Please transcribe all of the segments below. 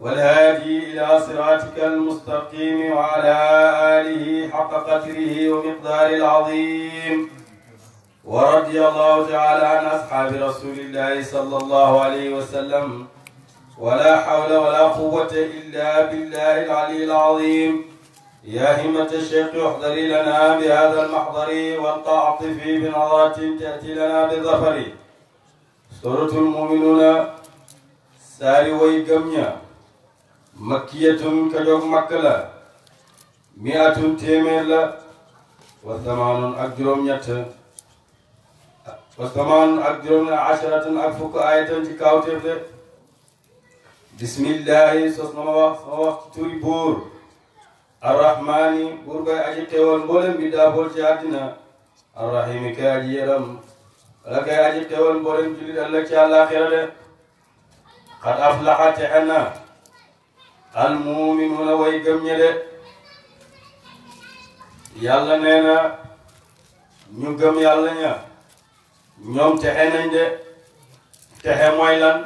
والهادي إلى صراطك المستقيم وعلى آله حق قدره ومقداره العظيم ورضي الله تعالى عن أصحاب رسول الله صلى الله عليه وسلم ولا حول ولا قوة إلا بالله العلي العظيم يا همة الشيخ احضري لنا بهذا المحضر والتعطفي بنظرة تأتي لنا بالظفر سورة المؤمنون saari woy gëm ña ka jog makk la miatun téeméer la wa samaanun ak juróom-ñett wa samaanun ak juróom asharatun ak fukk ayatan ci kaawteef de bismillahi sos na wax sama wax turi buur arrahmaani buur koy aji xewal mboolem bi daabool ci àddina arrahimi kay aji yaram wala kay aji xewal mboolem jullit ëllëg ci àllaaxira de qad aflaxa texe na almuminuuna way gëm ñe de yàlla nee na ñu gëm yàlla ña ñoom texe nañ de texe mooy lan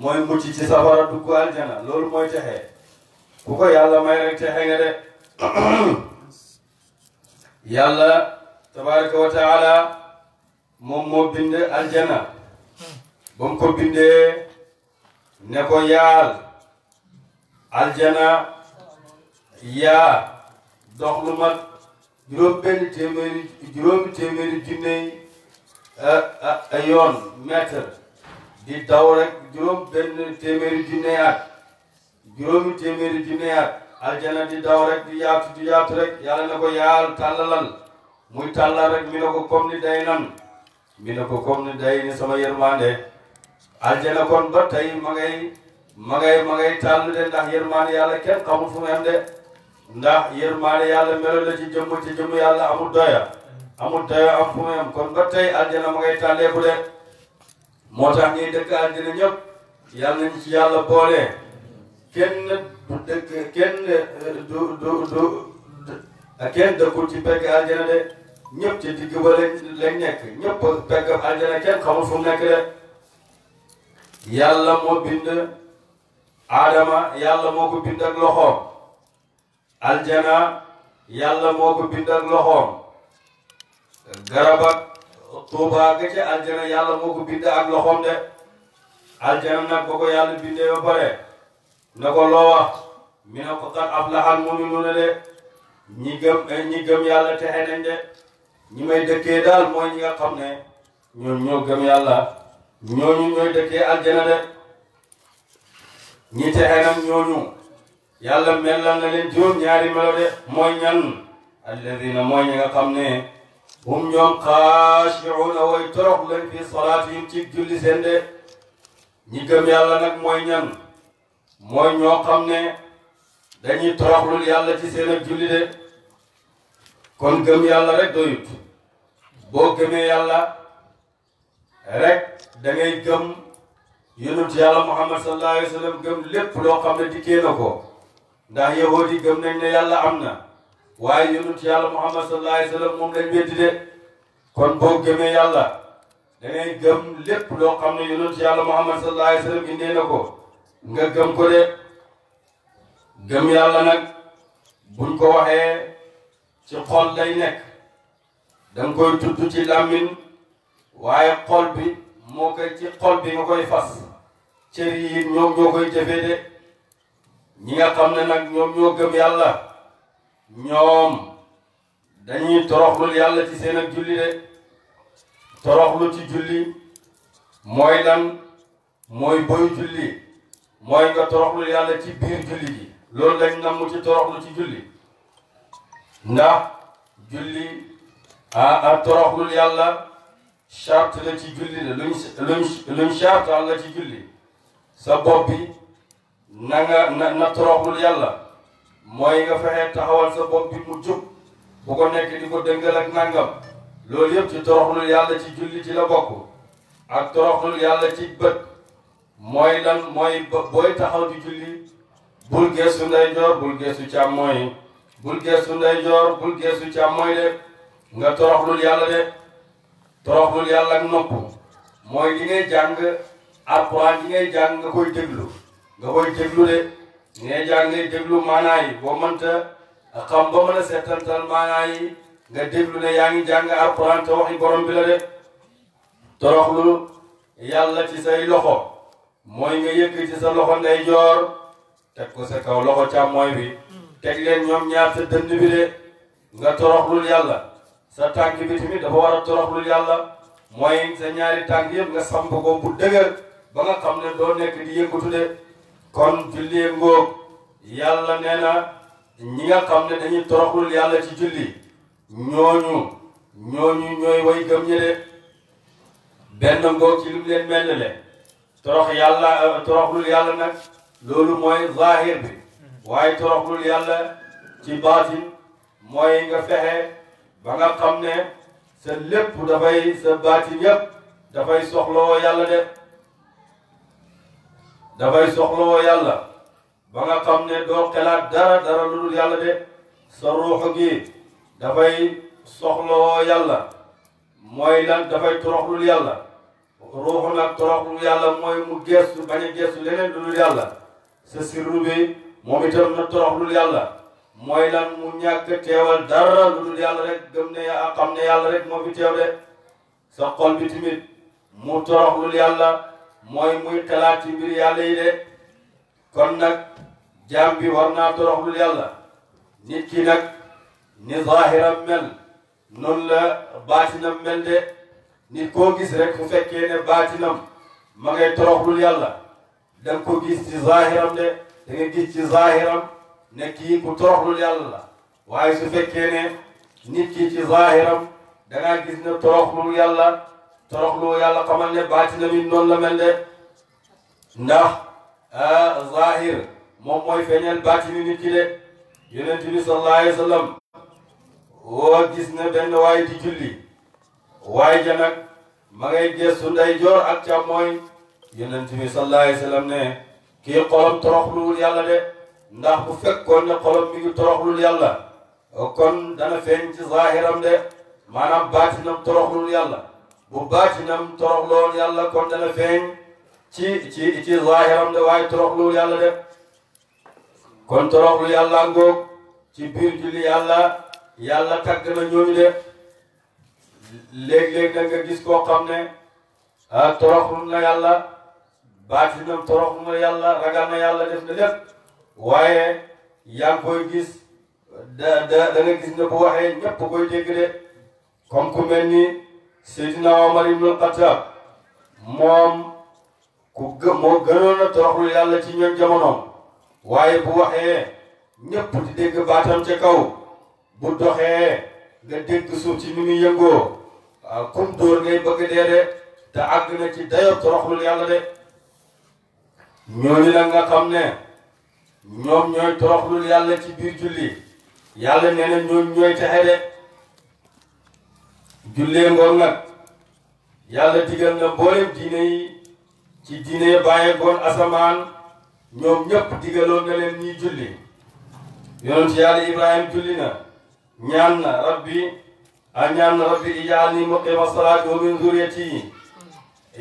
mooy mucc safara dugg aljana loolu mooy texe ku ko yàlla may texe nga de tabaraka wa taala moom moo aljana ba mu ne ko yaal aljana yaa dox lu mat juróom benn téeméeri juróomi téeméeri junne yoon mètre di daw rek juróom benn téeméeri junne at juróomi téeméeri junne at aljana di daw rek di yaatu di yaatu rek yàlla ne ko yaal tàllalal muy tàllal rek mi ne ko comme ni day nan mi ne ko comme ni day ni sama yërmande aljana kon ba tey ma ngay ma ngay de ndax yërmaane yàlla kenn a fu mu am de ndax yërmaane yàlla melo la ci jëmm ci jëmm yàlla amul doya amul doya am fu kon ba tey aljana ma ngay tàlleeku de moo tax ñuy dëkk aljana ñëpp yàlla nañ ci yàlla boole kenn du dëkk kenn du ci pegg aljana de ñëpp ci digg ba lañ nekk ñëpp pegg aljana kenn xamul fu nekk de yàlla moo bind aadama yàlla moo ko bind ak loxoom aljana yàlla moo ko bind ak loxoom garab ak tuuba ga ca aljana yàlla moo ko bind ak loxoom de aljana nag ba ko yàlla bindee ba pare na ko loo mi ne ko qad aflahal mu'minuuna de ñi gëm ñi gëm yàlla texe nañ de ñi dëkkee daal mooy ñi nga ne ñoom ñoo gëm yàlla ñooñu ñooy dëkkee aljana de ñi texe nag ñooñu yàlla melal na leen juróom-ñaari melo de mooy ñan alladina mooy ñi nga xam ne hum ñoom xaashiuuna way torox lañ fi salaatihim ci julli seen de ñi gëm yàlla nag mooy ñan mooy ñoo xam ne dañuy toroxlul yàlla ci seen ak julli de kon gëm yàlla rek doyut boo gëmee yàlla rek da ngay gëm yonent yàlla muhammad sallallahu alayhi wa sallam gëm lépp loo xam ne dikkee na ko ndax yahood yi gëm nañ ne yàlla am na waaye yonent yàlla muhammad sallallahu alayhi wa sallam moom lañ weddi de kon boo gëmee yàlla da ngay gëm lépp loo xam ne yonent yàlla muhammad sallallahu alayhi wa sallam indee na ko nga gëm ko de gëm yàlla nag buñ ko waxee ci xol lay nekk da nga koy tudd ci làmmiñ waaye xol bi moo koy ci xol bi nga koy fas cër yi ñoom ñoo koy jëfee de ñi nga xam ne nag ñoom ñoo gëm yàlla ñoom dañuy toroxlul yàlla ci seen ak julli de lu ci julli mooy lan mooy boy julli mooy nga toroxlul yàlla ci biir julli ji loolu lañ namm ci toroxlu ci julli ndax julli a ah, a ah, toroxlul yàlla charte la ci julli de luñ luñ luñ chartal la ci julli sa bopp na nga na na toroxul yàlla mooy nga fexe taxawal sa bopp bi mu jub bu ko nekk di ko dëngal ak nangam loolu yëpp ci toroxlul yàlla ci julli ci la bokk ak toroxlul yàlla ci bët mooy lan mooy booy taxaw di julli bul geesu ndeyjoor bul geesu càmmooy bul geesu ndeyjoor bul geesu càmmooy de nga toroxlul yàlla de toroxlul yàlla ak nopp mooy li ngay jàng alxuraan li ngay jàng nga koy déglu nga koy déglu de li ngay jàng ngay déglu maanaa yi boo mënta xam ba mën a seetantal maanaa yi nga déglu ne yaa ngi jàng alxuraan te waxi borom bi la de toroxlul yàlla ci say loxo mooy nga yëkk ci sa loxo ndeyjoor teg ko sa kaw loxo càmmooy bi teg leen ñoom ñaar sa dënd bi de nga toroxlul yàlla sa tànk bi tamit dafa war a toroxlul yàlla mooy sa ñaari tànk yëpp nga samp ko bu dëgër ba nga xam ne doo nekk di yëngatu de kon julli ngóog yàlla nee na ñi nga xam ne dañuy toroxlul yàlla ci julli ñooñu ñooñu ñooy way gëm ñi de benn ngóog ci lim leen mel le torox yàlla toroxlul yàlla nag loolu mooy zahir bi waaye toroxlul yàlla ci baatin mooy nga fexe ba nga xam ne sa lépp dafay sa baati yépp dafay soxloo yàlla de dafay soxloo yàlla ba nga xam ne doo xelaat dara dara lu dul yàlla de sa ruux gi dafay soxloo yàlla mooy lan dafay toroxlul yàlla ruuxu nag toroxlul yàlla mooy mu gestu bañ a gestu leneen lu yàlla sa sirru bi moom itam na toroxlul yàlla mooy lan mu ñàkk teewal dara lu dul rek gëm ne yaa rek moo fi teew de sa xol bi tamit mu toroxlul yàlla mooy muy xalaat ci mbir yi de kon nag jaam bi war naa toroxlul yàlla nit ki nag ni zahiram mel noonu la baatinam mel de nit koo gis rek fu fekkee ne baatinam ma ngay toroxlul yàlla da nga ko gis ci zahiram de da gis ci zahiram ne kii ku toroxlul yàlla la waaye su fekkee ne nit ki ci zaahiram da ngaa gis ne toroxlul yàlla toroxlu yàlla xamal ne baatina mi noonu la mel de ndax ah, zaahir moom mooy feeñal baatini nit ki de yonent bi sallallahu alayhi wa woo gis ne benn waay di julli waay ja nag ma ngay gëstu nday joor ak càmmooñ yonent bi sallallahu alayhi wa sallam ne kii xolam toroxluwul yàlla de ndax bu fekkoon ne xolam mi ngi toroxlul yàlla kon dana feeñ ci zaahiram de maanaam baatinam toroxlul yàlla bu baatinam toroxloon yàlla kon dana feeñ ci ci ci zaahiram de waaye toroxlul yàlla de kon toroxlul yàlla ngoog ci biir julli yàlla yàlla tagg na ñooñu de léeg-léeg nag nga gis koo xam ne ah, toroxlul na yàlla baatinam toroxlul na yàlla ragal na yàlla def na lépp waaye yaa ngi koy gis da da da nga gis ne bu waxee ñëpp koy dégg de comme ku mel ni Seydina Omar ibn al-Khattab moom ku gë moo gënoon a toroxlu yàlla ci ñoom jamonoom waaye bu waxee ñëpp di dégg baatam ca kaw bu doxee nga dégg suuf ci ni muy yëngoo waaw ah, kum dóor ngay bëgg dee de te àgg na ci dayo toroxlu yàlla de ñooñu la nga xam ne ñoom ñooy tooxlul yàlla ci biir julli yàlla nee na ñoom ñooy texe de jullee ngoon nag yàlla digal na mboolem diine yi ci diine bàyyi goon asamaan ñoom ñëpp digaloon na leen ñuy julli yonent yàlla ibrahim julli na ñaan na rabbi a ñaan na rabbi ij'alni muqima salaati wa min zurriyati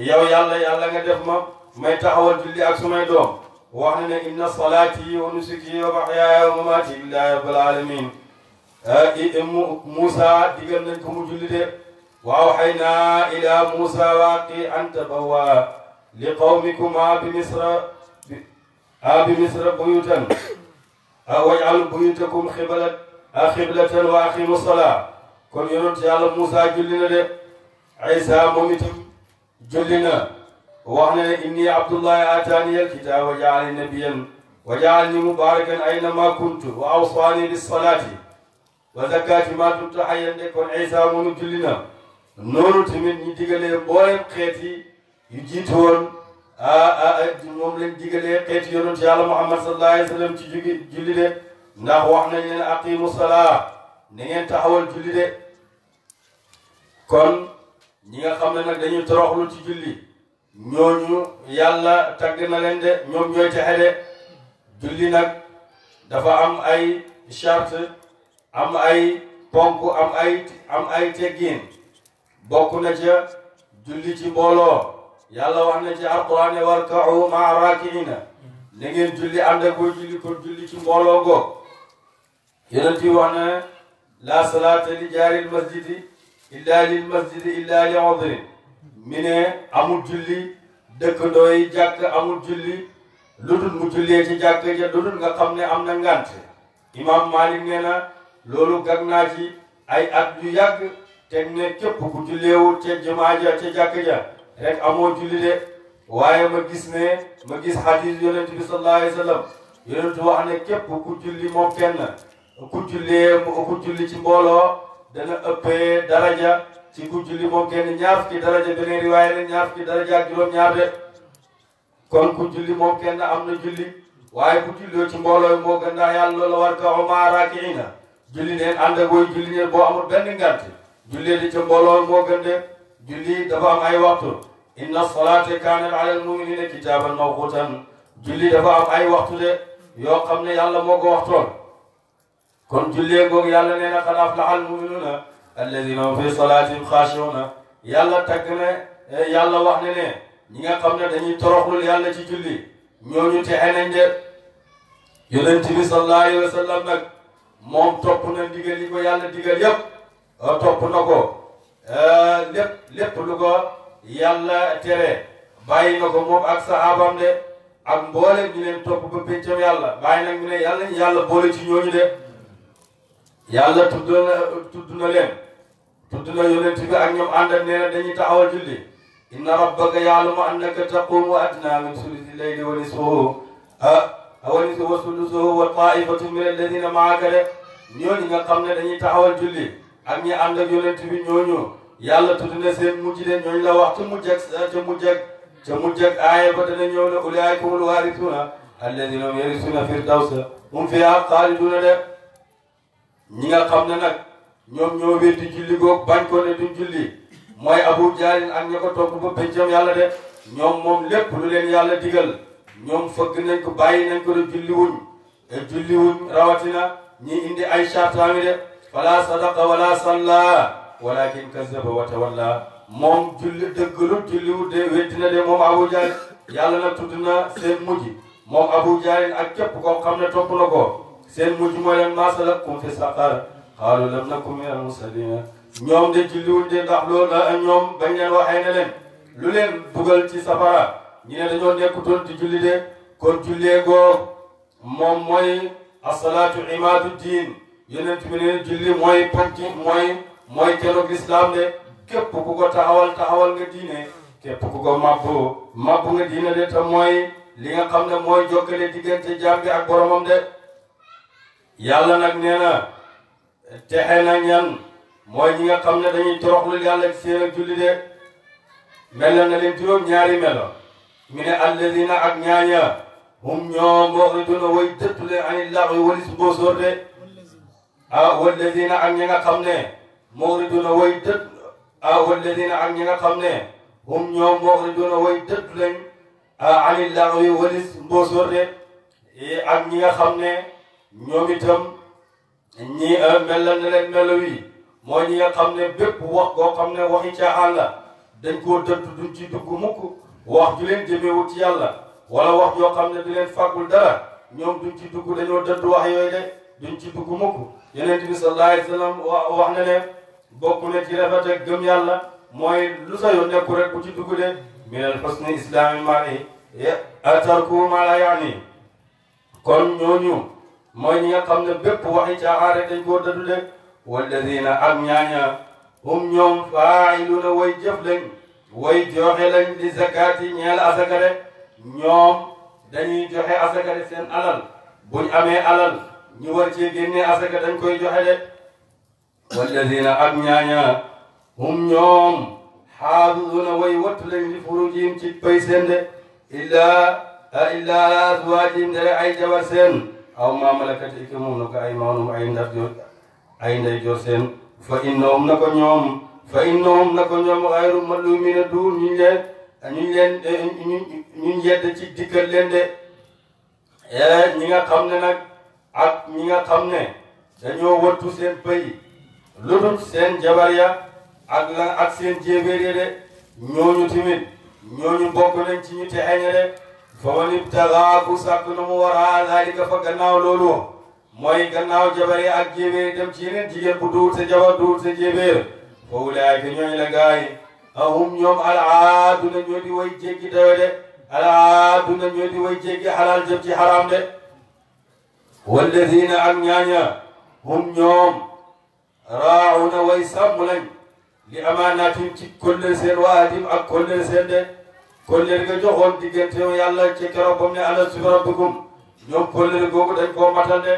yow yàlla yàlla nga def ma may taxawal julli ak sumay doom wax na ne inna salaati wa nusuki wa mahyaaya wa mamaati lillahi rabbil alamin Moussa digal nañ ko mu julli de wa awhaynaa ila Moussa waaqi an tabawwa li qawmikumaa bi misra bi misra buyutan waj'al buyutakum xiblatan xiblatan wa aqimu salaa kon yonent yàlla Moussa julli na de Isa moom itam julli na wax na ne inni abdullahi aataani alkitaaba wa jaalani nabiyan wa jaalani mubarakan ayna kuntu wa awsaani bis salaati wa zakkaati ma dumtu hayyan de kon Isa munu julli na noonu tamit ñu digalee mboolem xeet yu jiitu woon moom lañ digalee xeet yonent yàlla Muhammad sallallahu alayhi ci jugi julli de ndax wax nañ leen aqimu salaa na taxawal julli de kon ñi nga xam ne nag dañuy toroxlu ci julli ñooñu yàlla tagg na leen ñoom ñooy texe de julli nag dafa am ay chart am ay ponk am ay teggiin bokk na ca julli ci mbooloo yàlla wax na ci alquran ne warka'u ma'a raaki'iina na ngeen julli ànd ak julli kon ci mbooloo go yonent yi wax na la salaata jaaril masjidi illa lil masjidi illa li udrin mi ne amul julli dëkkandoo yi jàkk amul julli lu dul mu jullee ci jàkk ja lu dul nga xam ne am na ngant imaam Malik nee na loolu gag naa ci ay at yu yàgg te ne képp ku julleewul ca jumaa ja ci jàkk ja rek amoo julli de waaye ma gis ne ma gis hadis yonent bi sallallahu alayhi sallam yonent wax ne képp ku julli moom kenn ku jullee ku julli ci mbooloo dana ëppee daraja ci ku julli moo génn ñaar fukki daraja beneen riwaaya la ñaar fukki daraja ak juróom-ñaar de kon ku julli moo kenn am na julli waaye ku julloo ci mbooloo moo gën naa yàlla loola war ka oma raakiina julli neen ànd ak julli neen boo amul benn ngànt jullee di ca mbooloo moo gën de julli dafa am ay waxtu inna salaata kaanat alal mu'miniina kitaaban mawquutan julli dafa am ay waxtu de yoo xam ne yàlla moo ko waxtoon kon na alladina hum yàlla tagg ne eh, yàlla wax ne ñi nga xam ne dañuy toroxlul yàlla ci julli ñooñu texe nañ de yonent bi sallallahu alayhi wa sallam nag moom topp na ndigal yi ko yàlla digal yépp eh, topp na ko eh, lépp lépp lu ko yàlla tere bàyyi na ko moom ak sahaabam de ak mboole ñu leen topp ba péncam yàlla bàyyi nag ñu ne yàlla yàlla boole ci ñooñu de yàlla tudd tudd na leen tudd na yonent bi ak ñoom àndal nee na dañuy taxawal julli inna rabbaka ya'lamu annaka taqumu adnaa min sulusi layli wa nisfahu ah, wa nisfahu wa sulusuhu wa ta'ifatun min alladhina ma'aka de ñooñu nga xam ne dañuy taxawal julli ak ñi ànd ak yonent bi ñooñu yàlla tudd na seen mujj de ñooñu la wax ca mujj ak ca mujj ak ca mujj ak aaya ba dana ñëw ne ulaa'ika humul waarisuuna alladhina hum yarisuuna firdawsa hum fiihaa de ñi nga ñoom ñoo weddi julli googu bañ ko ne julli mooy abu jaalin ak ña ko topp ba pencam yàlla de ñoom moom lépp lu leen yàlla digal ñoom fëgg nañ ko bàyyi nañ ko de julli wuñ te julli wuñ rawatina ñi indi ay chartaami de fala sadaqa wala salla walakin kazaba wa tawalla moom julli dëggalu julliwu de weddi na de moom abu jaalin yàlla na tudd na seen mujj moom abu ak képp koo xam ne topp na ko seen mujj mooy leen maa salakkum fi xaalu lam naku min al musalina ñoom de julliwuñ de ndax loolu la ñoom bañ leen waxee ne leen lu leen dugal ci safara ñi ne dañoo nekkutoon di julli de kon jullee goo moom mooy asalaatu imaadu diin yonent bi ne julli mooy ponc mooy mooy keroog lislaam de képp ku ko taxawal taxawal nga diine képp ku ko mabbu mabbu nga diine de te mooy li nga xam ne mooy jokkale diggante jaam bi ak boromam de yàlla nag nee na texe na ñan mooy ñi nga xam ne dañuy toroxlu yàlla ci seen ak julli de mel na leen juróom ñaari melo mi ne alladina ak ñaaña hum ñoom muriduna way dëttule ani laxwi walis mbóosóor de ah walladina ak ñi nga xam ne muriduna way dëtt ah walladina ak ñi nga xam ne hum ñoom muriduna way ñi nga xam ne ñoom ñii euh, melal na leen melo yi mooy ñi nga xam ne bépp wax koo xam ne waxi caaxaan la dañ koo dënt duñ ci dugg mukk wax ju leen jëmewut ci yàlla wala wax yoo xam ne du leen fàggul dara ñoom duñ ci dugg dañoo dënt wax yooyu de duñ ci dugg mukk yeneen bi sallallahu alayhi wasallam wax ne bokk na ci rafet ak gëm yàlla mooy lu sa yoon nekku rek ku ci dugg de minal husni islami mari atarku ma la yaani kon ñooñu mooy ñi nga xam ne bépp waxi caaxaan rek dañ koo dëddu de walladina ak ñaaña hum ñoom faailuna way jëf lañ way joxe lañ di zakati ñeel asaka ñoom dañuy joxe asaka seen alal buñ amee alal ñu war ci génnee asaka dañ koy joxe de walladina ak ñaaña hum ñoom xaafiduna way wattu lañ li furujihim ci bay seen de illaa illaa dara ay jabar seen aw ma malakat yutiimuunaka aymaanuhum ay ndar joor ay ndey joor seen fa innahum na ko ñoom fa innahum na ko ñoom xayru maluumiina du ñu leen ñu leen ñu yedd ci dikkal leen de eh, ñi nga xam ne nag ak ñi nga xam ne dañoo wattu seen bëy lu dul seen jabar ya ak seen jéebéer ya de ñooñu tamit ñooñu bokk nañ ci ñu te de fa man ibtagaa ku na mu war a zaalika fa gannaaw loolu mooy gannaaw jabari ak jébéer dem ci yeneen jigéen bu duur sa jabar duur sa jébéer fa wulaayika ñooy la gaay ahum ñoom alaaduna ñoo di way jéggi dayo de alaaduna ñoo di way jéggi xalaal jëm ci xaraam de walladina ak ñaaña hum ñoom raawuna way sàmm lañ li amaanaatim ci kollel seen waatim ak kollel seen de kóllëre nga joxoon diggante yow yàlla ci keroog ba mu ne alastu bi rabbikum ñoom kóllëre googu dañ koo matal de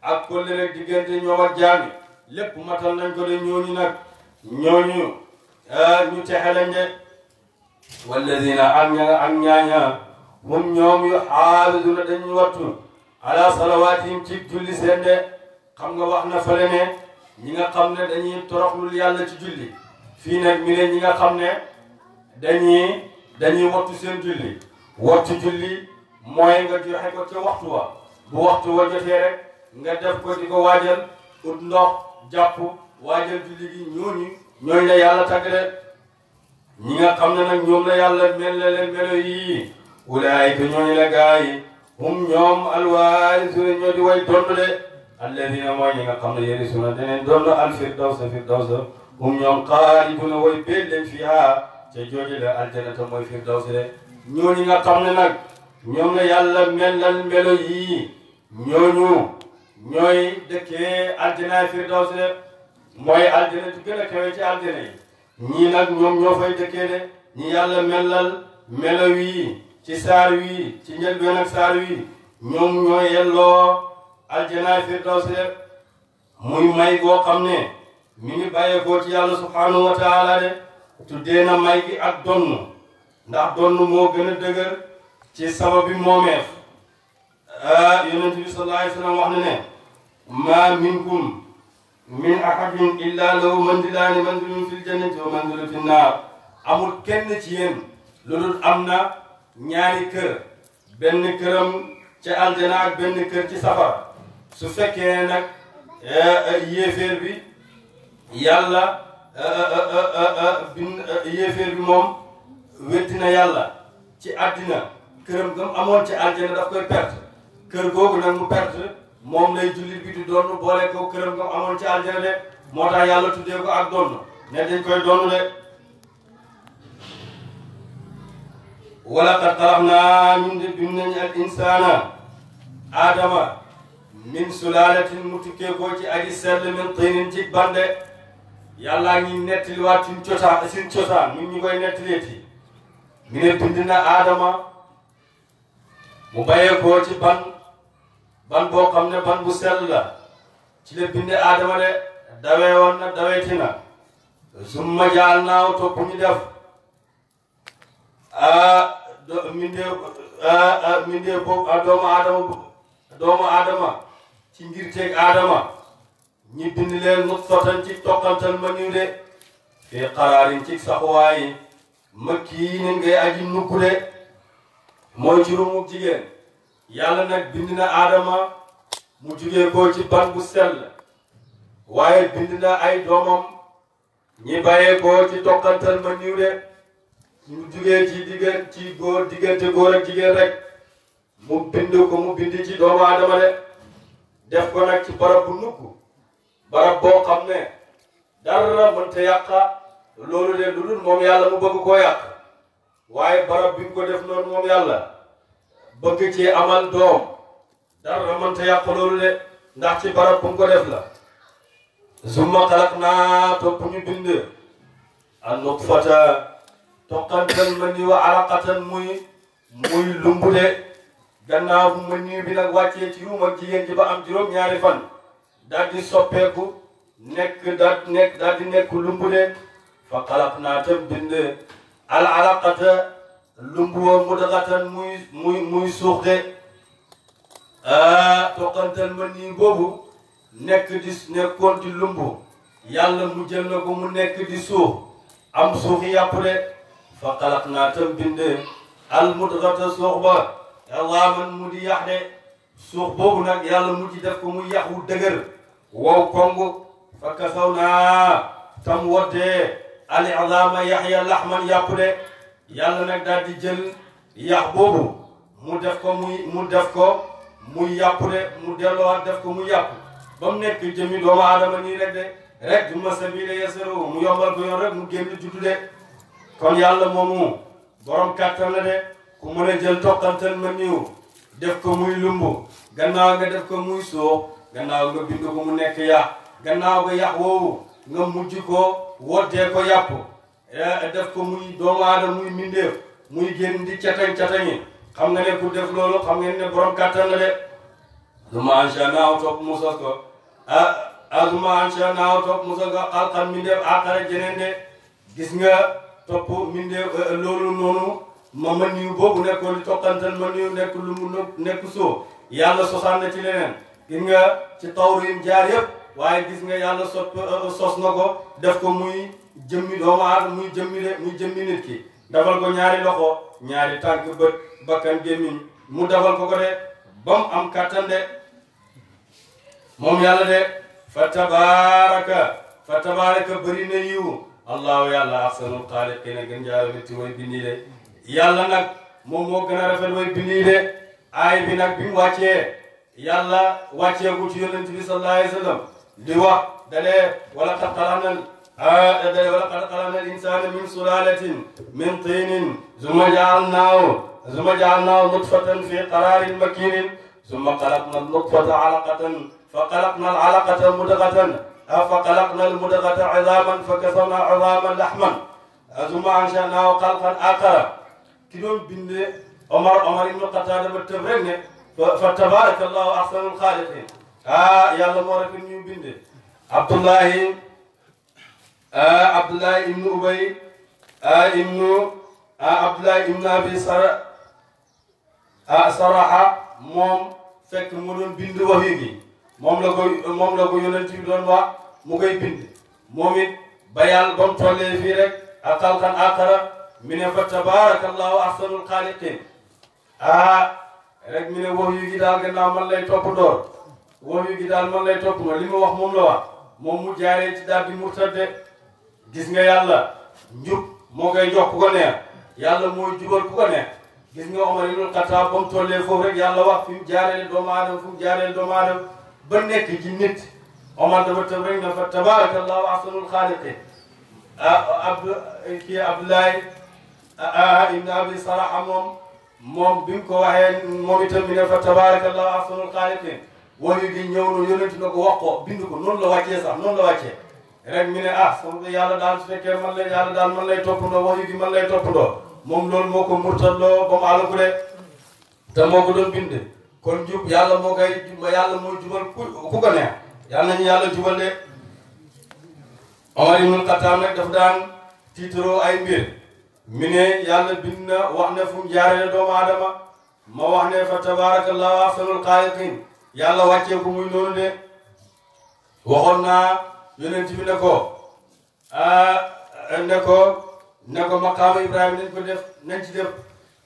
ak kóllëre diggante ñoom ak jaami lépp matal nañ ko de ñooñu nag ñooñu ah, ñu texe lañ de walladina am ña ak ñaaña hum ñoom yu xaabiduna dañuy wattu ala salawaatihim ci julli seen de xam nga wax na fële ne ñi nga xam ne dañuy toroxlul yàlla ci julli fii nag mi ne ñi nga xam ne dañuy dañuy wattu seen julli wattu julli mooy nga joxe ko ca waxtu wa bu waxtu wa jotee rek nga def ko di ko waajal ut ndox jàpp waajal julli gi ñooñu ñooñ la yàlla tàggalee ñi nga xam ne nag ñoom la yàlla mel la leen melo yii ulaayika ñooñu la gaa yi hum ñoom alwaarisuna ñoo di way dondu de alladina mooy ñi nga xam ne yërisuna deneen dondu al firdawsa firdawsa hum ñoom xaaliduna way béel leen fiihaa te jooju la aljana te mooy firdawsi de ñooñu nga xam ne nag ñoom la yàlla melal melo yii ñooñu ñooy dëkkee aljana firdawsi de mooy aljana di gën a kawe ci aljana yi ñii nag ñoom ñoo fay dëkkee de ñi yàlla melal melo wii ci saar wii ci njëlbeen ak saar wii ñoom ñoo yelloo aljana firdawsi de muy may boo xam ne mi ngi bàyyeekoo ci yàlla subhanahu wa taala de tuddee na may bi ak donn ndax donn moo gën a dëgër ci sababi moomeef ah, yonent bi sallallahu wax na ne ma minkum min ahadin illa lahu manzilaani manzilun fil jannati wa manzilun fin amul kenn ci lu loolu am na ñaari kër benn këram ci aljana ak benn kër ci safar su fekkee nag eh, yéeféer bi yàlla Eh, eh, eh, bin yéeféer bi moom weddi na yàlla ci àddina këram gam amoon ci aljana daf koy perte kër googu nag mu perte moom lay jullit bi di boole ko këram gam amoon ci aljana de moo tax yàlla tuddee ko ak doon ne dañ koy doonu de wala qad xalaqnaa ñun de bind al insaana aadama min sulaalatin mu tukkee ko ci aji sell min tinin ci bande yàllaa ngi nettaliwaat suñ cosaan suñ cosaan mu ngi koy nettaleeti mu ne bind na aadama mu bàyyee koo ban ban boo ne ban bu sell la ci la binde aadama de dawee na daweeti na summa jaal topp ñu def ah mindee ah, ah, mindee boobu ah, doomu ci ngir teeg aadama ñi dindi leen nutfatan ci toqantal ma ñu de fii xaraarin ci saxuwaay makki nin ngay aji nukku de mooy ci rumuk jigéen yàlla nag bind na aadama mu jugee ko ci ban bu sell waaye bind na ay doomam ñi bàyyee ko ci toqantal ma ñu de mu jugee ci diggan ci góor diggante góor ak jigéen rek mu bind ko mu bind ci doomu aadama de def ko nag ci barab bu nukku barab boo xam ne dara mënta yàq loolu de lu moom yàlla mu bëgg koo yàq waaye barab bi ko def noonu moom yàlla bëgg ci amal doom dara mënta yàq loolu de ndax ci barab bu mu ko def la summa xalaq naa topp ñu bind an nutfata toqantal ma ni wa alaqatan muy muy lumbu de gannaaw ma nii bi nag wàccee ci yuum ak jigéen ji ba am juróom ñaari fan daal di soppeeku nekk daal di nekk daal di nekk lumbude fa xalaq naa te bind al alaqata lumbu woo mudxatan muy muy muy suux de ah, toqantal ma boobu nekk di nekkoon di lumbu yàlla mu jël mu nekk di suux am suuxi yàpp de fa xalaq naa te bind al mudxata suux ba yàlla man mu di yax de suux boobu nag yàlla mu ci def mu yax wu dëgër wow kongo fa kasaw naa tam woddee al izaama yahya lahman yàpp de yàlla nag daal di jël yax mu def ko muy mu def ko mu yàpp de mu delloowaat def ko mu yàpp ba mu nekk jëmi doomu aadama nii rek de rek du ma yasaru mu yombal ko rek mu génn juddu de kon yàlla moomu borom kàttan de ku mën a jël toqantal ma niw def ko muy lumbu gannaaw nga def ko muy suux gannaaw nga bind mu nekk yàq gannaaw nga yàq woowu nga mujj ko wootee ko yàpp def ko muy doomu aadama muy mindeef muy génn di catañ catañi xam nga ne pour def loolu xam ngeen ne borom kàttan la de duma ancha naaw topp musas ko ah ah naaw topp musas ko xalqan mindeef aaxara ah, nga topp mindeef eh, loolu noonu ma mën yu boobu nekkoon di toqantal mën yu nekk lu mu nekk soo yàlla sosaan na ci gis nga ci tawru yim jaar yëpp waaye gis nga yàlla sot euh, sos na def ko muy jëmmi doomu aadama muy jëmmi de muy jëmmi nit ki dafal ko ñaari loxo ñaari tànk bët bakkan gémmiñ mu dafal ko ko de ba am kàttan de moom yàlla de fa tabaaraka fa tabaaraka bëri na yiw allahu yàlla ahsanul xaaliqiina gën jaara métti way bindi de yàlla nag moom moo gën a rafet way bindi de aay bi nag bi yàlla wàcceeku ci yonent bi sallallahu alayhi wa sallam di wax dalee wala qad xalaqnal dalee wala qad xalaqnal insaana min sulaalatin min tiinin summa jaalnaahu summa jaalnaahu nutfatan fi qaraarin makiinin summa xalaqnal nutfata alaqatan fa xalaqnal alaqata mudgatan fa xalaqnal mudgata izaaman fa kasawnaa izaaman laxman summa anshanaahu xalqan aaxara ki doon bindee Omar Omar ibnu Xattaada ba tëb rek ne fa tabaraka allahu ahsanul xaaliqin ah yàlla moo rafet ñu binde abdullahi ah, abdullahi ibnu ubay ah, ibnu ah, abdullahi ibnu abi saraha moom fekk mu doon bind wax moom la ko moom mu koy bind moom it ba yàlla ba rek ak xalqan akara fa tabaraka ahsanul xaaliqin rek mi ne wax yu gi daal gannaaw man lay topp door wax yu gi daal man topp door li ma wax moom la wax moom mu jaaree ci daal di murtadde gis nga yàlla njub moo koy jox ku yàlla mooy jubal ku gis nga Omar ibnul Xattaab ba mu tollee foofu rek yàlla wax fi mu jaaree doomu aadama mu jaaree doomu aadama ba nekk ci nit Omar dafa tëb rek na fa tabaarakallaahu ahsanul xaaliqiin ah ab kii Abdoulaye ah, Saraha moom. moom bi mu ko waxee moom itam mi ne fa tabaarakallahu ahsanul xaaliqiin wayu gi ñëw na yónent na ko wax ko bind ko noonu la wàccee sax noonu la wàccee rek mi ne ah sama yàlla daal su fekkee man lay daal man lay toppandoo wayu gi man lay toppandoo moom loolu moo ko murtaloo ba mu àllaku de te moo ko doon bind kon jub yàlla moo koy yàlla mooy jubal ku ku ko neex yàlla nañu yàlla jubal de Omar ibnul Xattaab nag daf daan tiitaroo ay mbir mi ne yàlla bind na wax ne fu mu doomu aadama ma wax ne fa tabaarakallaahu ahsanul xaaliqiin yàlla wàccee ko muy noonu de waxoon naa yonent bi ne ko ah, ne ko ne ko maqaama Ibrahima nañ ko def nañ ci def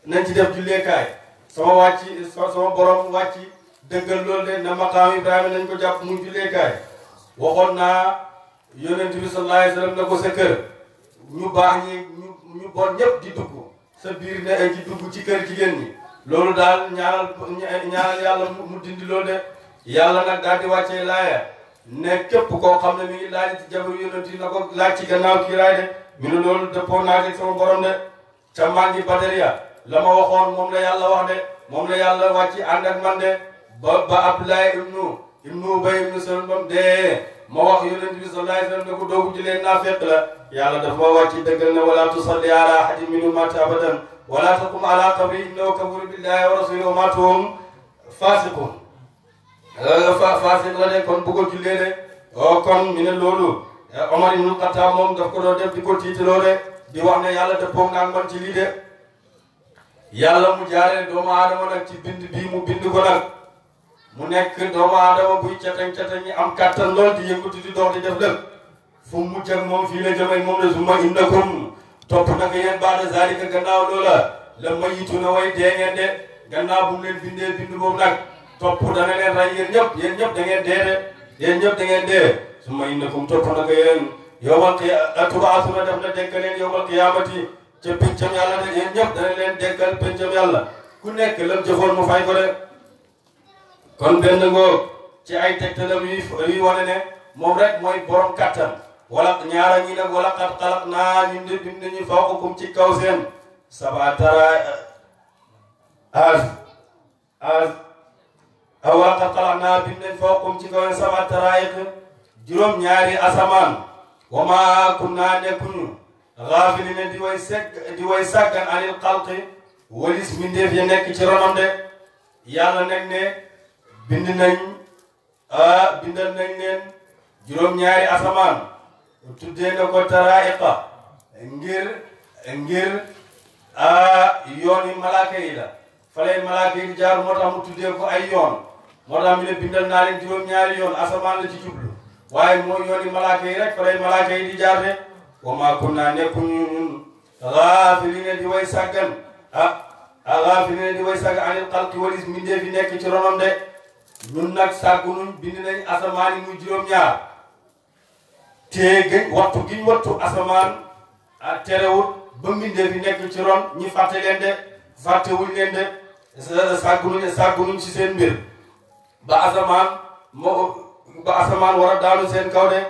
nañ ci def julleekaay sama wàcc sama borom wàcc dëggal loolu de na maqaama Ibrahima nañ ko jàpp muy julleekaay waxoon naa yonent bi sallallaahu alayhi ne ko sa ñu baax ñi. ñu bon ñëpp di dugg sa biir ne di dugg ci kër jigéen ñi loolu daal ñaanal ñaanal yàlla mu dindi loolu de yàlla nag daal di wàccee laaya ne képp koo xam ne mi ngi laaj jabar yonent yi na ko laaj ci gannaaw kiiraay de mi ne loolu dëppoo naa ak sama borom de ca maa ngi badariya la ma waxoon moom la yàlla wax de moom la yàlla wàcc ànd ak man de ba ba Abdoulaye ibnu ibnu Ubay ibnu Salul bam dee moo wax yonent bi sallallahu alayhi wa sallam ne ko doogu ci leen naafeq la yàlla dafa ma wàcc dëggal ne wala tusalli ala ahadin minhum mata abadan wala taqum ala qabri innahu kafara billahi wa rasulihi wa matuhum fasiqun fasiq la de kon bëggul ci leen o oh, kon mi ne loolu eh, Omar ibn Khattab moom daf ko doon def di ko tiitaloo de di wax ne yàlla dëppoo ngaan man ci lii de yàlla mu jaaree doomu aadama nag ci bind bii mu bind ko nag mu nekk doomu aadama buy catañ catañ ñi am kàttan lool di yëngatu di dox def lépp fu mu mujj ak moom fii la jëmee moom la summa innakum topp naka yéen baada zalika gannaaw loola la mayituna a dee ngeen de gannaaw bu mu leen bindee bind boobu nag topp dana leen rey yéen ñëpp yéen ñëpp da ngeen dee de yéen ñëpp da ngeen dee summa innakum topp naka yéen a leen yowmal qiyaamati ca pencam yàlla leen dekkal pencam ku nekk lam jëfoon mu fay ko de kon benn ngoo ci ay tegtalam yuy yuy wane ne moom rek mooy borom kattan wala ñaara ñi nag wala xat xalaq naa ñun de bind nañu fawqakum ci kaw seen sabatara as as wala xat xalaq naa bind nañ fawqakum ci kaw seen sabatara juróom ñaari asamaan wa maa kunna nekkuñu gaafilina di way sekk di way sàggan anil xalqi walis mindeef ya nekk ci ronam de yàlla nag ne bind nañ juróom-ñaari asamaan tuddee na ko taraa'iqa ngir ngir ah yoon yi malaaka yi la fa jaar moo tax mu ay yoon moo tax mu juróom-ñaari yoon asamaan la ci jublu waaye mooy yoon yi malaaka yi rek fa lay malaaka yi di jaar rek wa maa kunnaa nekkuñu ñun way sàggan ah ah gaafiliina di way sàggan anil xalqi walis mbindee fi nekk ci ronom de ñun nag sàggu nuñ bind nañ asamaan yi muy juróom-ñaar te gën wattu giñ wattu asamaan ah, terewut ba mbindee fi nekk ci ron ñi fàtte leen de fàtte wuñ leen de eh, sàggu nuñ sàggu nuñ ci seen mbir ba asamaan moo ba asamaan war daanu seen kaw de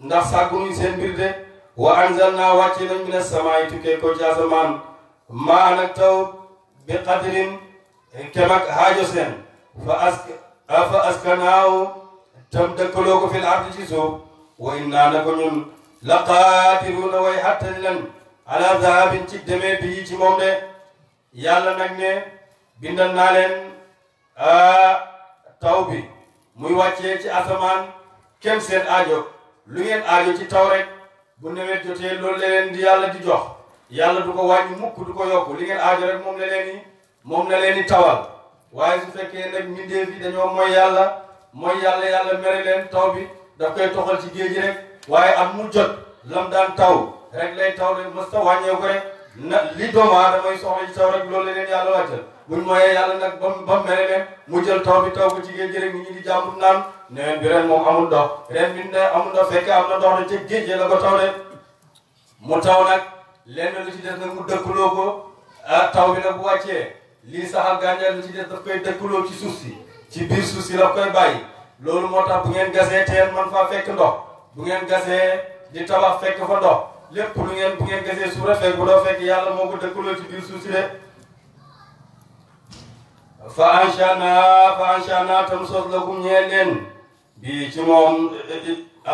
ndax sàggu nuñ seen mbir de wa anzalnaa wàcce nañ mina samaa'i tukkee ko ci asamaan maa nag taw bi qadrin eh, kem ak seen afa askanaaw tam dëkkaloo ko fil ardi ci suuf wa innaa na ko ñun la qaatiluuna way xattali lan ala zahabin ci demee bii ci moom de yàlla nag ne bindal naa leen taw bi muy wàccee ci asamaan kenn seen aajo lu ngeen aajo ci taw rek bu nawet jotee loolu la leen di yàlla di jox yàlla du ko wàññi mukk du ko yokk li ngeen aajo rek moom la leen i moom tawal waaye su fekkee nag mbindeef yi dañoo mooy yàlla mooy yàlla yàlla mere leen taw bi daf koy toxal ci géej gi rek waaye am mu jot lam daan taw rek lay taw rek mës sa wàññeeku rek na li doomu aadama yi soxla ci taw rek loolu leen yàlla wàccal buñ mooyee yàlla nag ba ba mere leen mu jël taw bi taw ko ci géej gi rek nit ñi di jàmbur naan nawet bi ren moom amul dox ren bi ne amul dox fekkee am na dox de ca géej la ko taw de mu taw nag lenn lu ci des nag mu dëkkaloo ko ah, taw bi nag bu wàccee lii saxal gàncax gi ci des koy dëkkuloo ci suuf si ci biir suuf si daf koy bàyyi loolu moo tax bu ngeen gasee teen man faa fekk ndox bu ngeen gasee di tabax fekk fa ndox lépp lu ngeen ngeen gasee suuf rek fekk bu doo fekk yàlla moo ko dëkkuloo ci biir suuf si de. fa ansha'naa fa ansha'naa tam sos lakum ñeel leen bii ci moom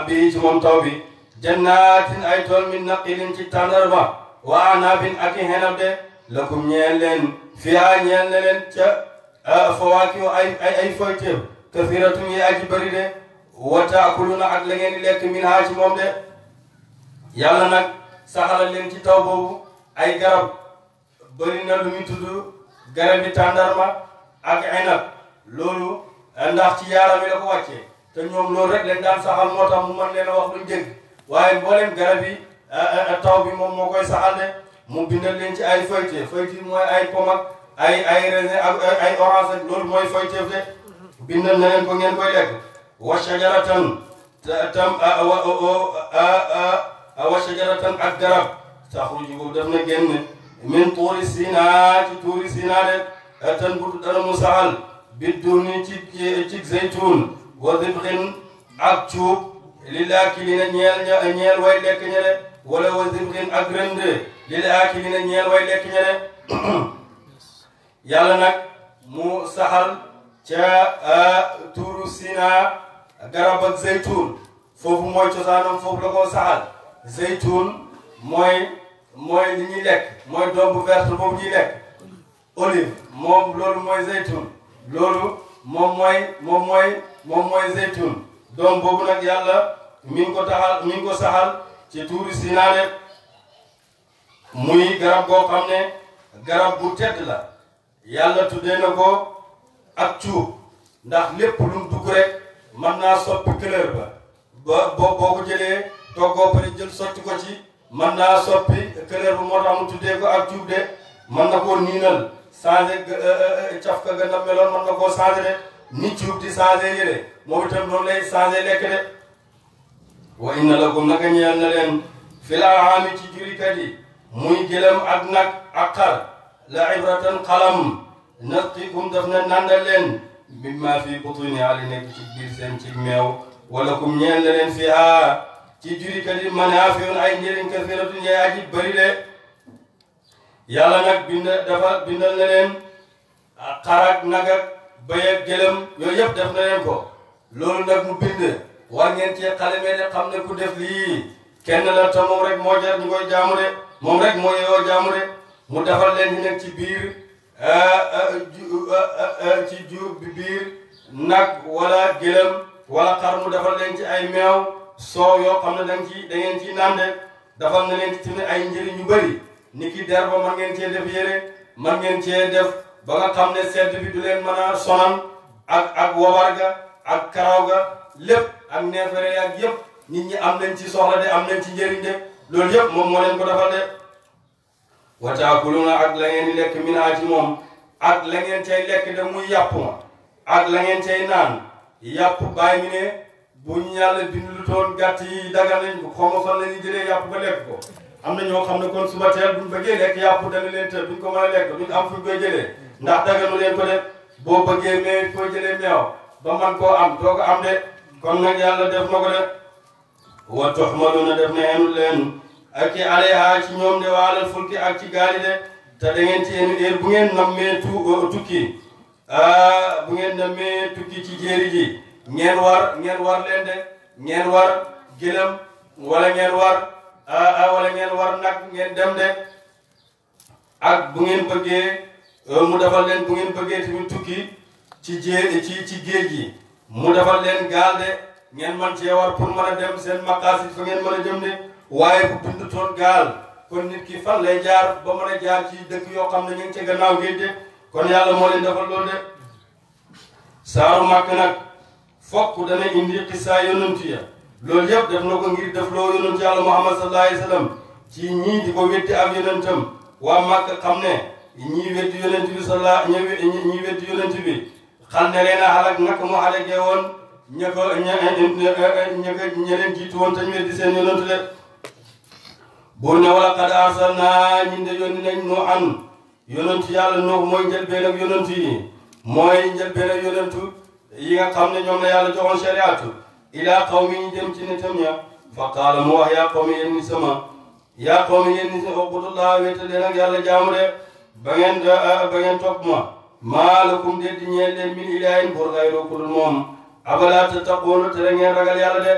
bii ci moom taw bi jannaatin ay tool min naqilin ci tàndarma wa anaabin ak i xenab de. lakum ñeel leen fiyaa ñeel na leen ca fawaakihu ay ay ay foyteem kasiratun yi aji bëri de wa taakuluna ak la ngeen di lekk min haa moom de yàlla nag saxalal leen ci taw boobu ay garab bëri na lu ñu tudd garabi tàndarma ak inab loolu ndax ci yaaram yi la ko wàccee ñoom loolu rek leen daan saxal moo tax mu mën leen a wax duñ dégg waaye mboolem garab taw bi moom moo koy saxal de mu bindal leen ci ay fayte fayte mooy ay pom ak ay ay raisin ak ay orange ak mooy fayteef de bindal na leen ko ngeen koy lekk wa shajaratan tam ak garab taxruju boobu daf na génn min tuuri sinaa ci tuuri sinaa de tan bu dana mu saxal bidduni ci ci zaytun wa zibxin ak cuub lilaakilina ñeel ñeel way lekk ñe wala wa zibxin ak rënde lil aakilina ñeel way lekk ña yàlla nag mu saxal ca tuuru Sina garab ak foofu mooy cosaanam foofu la saxal zaytuun mooy mooy li lekk mooy doom bu verte boobu ñuy lekk olive moom loolu mooy zaytuun loolu moom mooy moom mooy moom doom boobu nag yàlla mi ko taxal mi ko saxal ci tuuru Sina de muy garab goo xam ne garab bu tedd la yàlla tuddee na ko ak cuub ndax lépp lu mu dugg naa soppi couleur ba boo boo ko toggoo pare jël sotti ko ci mën naa soppi couleur bu moo tax mu ko ak cuub de mën na koo niinal changé euh, euh, euh, caf ka gën a meloon na koo changé de ni cuub di changé yére moom itam noonu lay changé lekk de wa inna lakum naka ñeel na leen filaaami ci jurikat yi muy gëlëm ak nag ak xar la ibratan xalam nasqikum daf na nandal leen mimma fi butuniha li nekk ci biir seen ci meew wala kum ñeen la leen fiha ci juri kadi manaafiun ay njëriñ kasiratun yaay aji bëri le yàlla nag bind dafa bindal na leen xar ak nag ak bëy ak gëlëm yooyu yëpp def na leen ko loolu nag mu bind war ngeen cee xale mee de xam ne ku def lii kenn la te rek moo jar ñu koy jaamu de moom rek mooy yoo jaamu de mu defal leen ñu nekk ci biir eh, eh, eh, ci jur bi biir nag wala gëlëm wala xar mu defal leen ci ay meew soow yoo xam ne da ci da ngeen ciy naan de defal na leen ci tamit ay njëriñ yu bëri ni ki der ba man ngeen cee def yére man ngeen cee def ba nga xam ne sedd bi du leen mën a sonal ak ak ga ak karaw ga lépp ak neefere ak yëpp nit ñi am nañ ci soxla de am nañ ci njëriñ de loolu yëpp moom moo leen ko defal de wa taakuluna ak la ngeen di lekk minaa ci moom ak la ngeen lekk de muy yàpp ma ak la ngeen cay naan yàpp bàyyi mi ne bu ñu yàlla bindlu toon gàtt yi dagal nañ ko xaw ma fan la jëlee yàpp ba lekk ko am na ñoo xam ne kon suba teel buñ bëggee lekk yàpp dana leen tëb duñ ko mën a lekk duñ am fuñ koy jëlee ndax daganu leen ko def boo bëggee meew koy jëlee meew ba man koo am doo am de kon nag yàlla def na ko de wa toxmaluna def na ak ci alayha ci ñoom de waalal fulki ak ci gaali de te da ngeen ci yéen heure bu ngeen nammee tu euh, tukki euh, bu ngeen nammee tukki ci jéeri ji ngeen war ngeen war leen de ngeen war gëlëm wala ngeen war euh, wala ngeen war nag ngeen dem de ak bu ngeen bëggee mu defal leen bu ngeen bëggee tamit tukki ci jéeri ci ci géej gi mu defal leen gaal de ngeen man cee war pour mën a dem seen maqaasit fa ngeen mën a jëm de waaye bu bindutoon gaal kon nit ki fan lay jaar ba mën jaar ci dëkk yoo xam ne ñu ngi ci gannaaw géej de kon yàlla moo leen defal loolu de saaru màkk nag fokk dana indi xisaa yonent ya loolu yëpp def na ko ngir def loo yonent yàlla muhammad sallallahu alayhi wa sallam ci ñii di ko wetti ak yonentam waa màkk xam ne ñii wetti wetti yonent bi xam ne leen a xalak naka mu xalakee woon ña ko ña leen jiitu woon tañ wetti seen yonent de buur ne wala qad arsalnaa ñun de yónni nañ nu an yonent yàlla noox mooy njëlbeen ak yonent yi yi nga xam ne ñoom la yàlla joxoon shariatu ilaa qawmi ñu jëm ci nitam ya fa qaala mu wax yaa qawmi yéen ni sama yaa qawmi yéen ni sama ubudullaa wéeta leen ak yàlla jaamu de ba topp ma maa lakum de di ñeel leen min ilaahin buur gayroo ku dul moom abala tattaquuna tere ngeen ragal yàlla de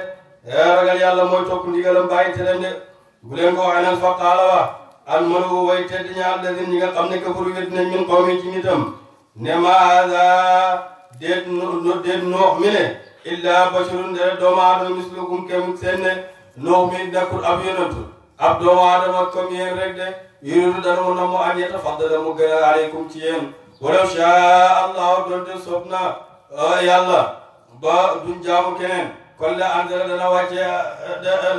ragal yàlla mooy topp ndigalam bàyyi tereem de bu leen ko waxee nag fa qaala wax al maru way tedd ñaar ladin ñi nga xam ne kafaru wet nañ min qawmi ci nitam ne ma haada déet nu mi ne illa basharun dere doomu aadama mislukum kem seen ne noox mi nekkul ab yonantu ab doomu aadama comme yéen rek de yuridu dara mu na mu an yatafaddala mu gënal aleykum ci yéen walaw shaa allahu doonte soob na yàlla ba duñ jaamu keneen kon la anzala dana wàcce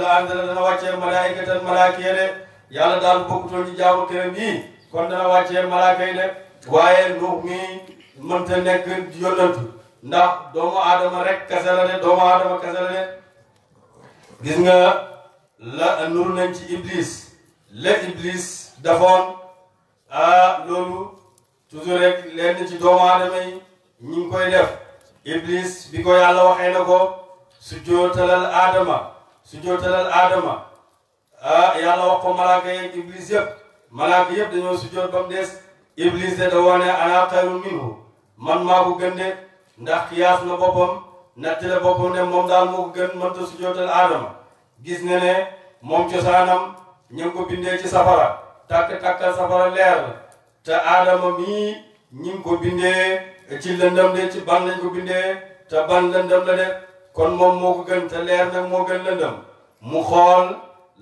la anzala dana wàcce malaayikatan malaaka yi de yàlla daal bokkutoo ci jaamu këram yi kon dana wàcce malaaka yi de waaye nuux mi mënta nekk yonantu ndax doomu aadama rek kese de doomu aadama kese de gis nga la nur nañ ci iblis la iblis dafoon ah loolu toujours rek lenn ci doomu aadama yi koy def iblis bi ko yàlla waxee na ko su jootalal aadama su jootalal aadama ah yàlla wax ko malaaka yeeg iblis yëpp malaaka yëpp dañoo su joot ba mu des de da wane ana xayrun minhu man maa gën de ndax xiyaas na boppam nattale boppam ne moom daal moo ko gën mënta su jootal gis ne ne cosaanam ñu ko bindee ci safara takk takkal safara leer te aadama mii ñu ko bindee ci lëndëm de ci ban lañ ko bindee te ban lëndëm la de kon moom moo ko gën te leer nag moo gën lëndëm mu xool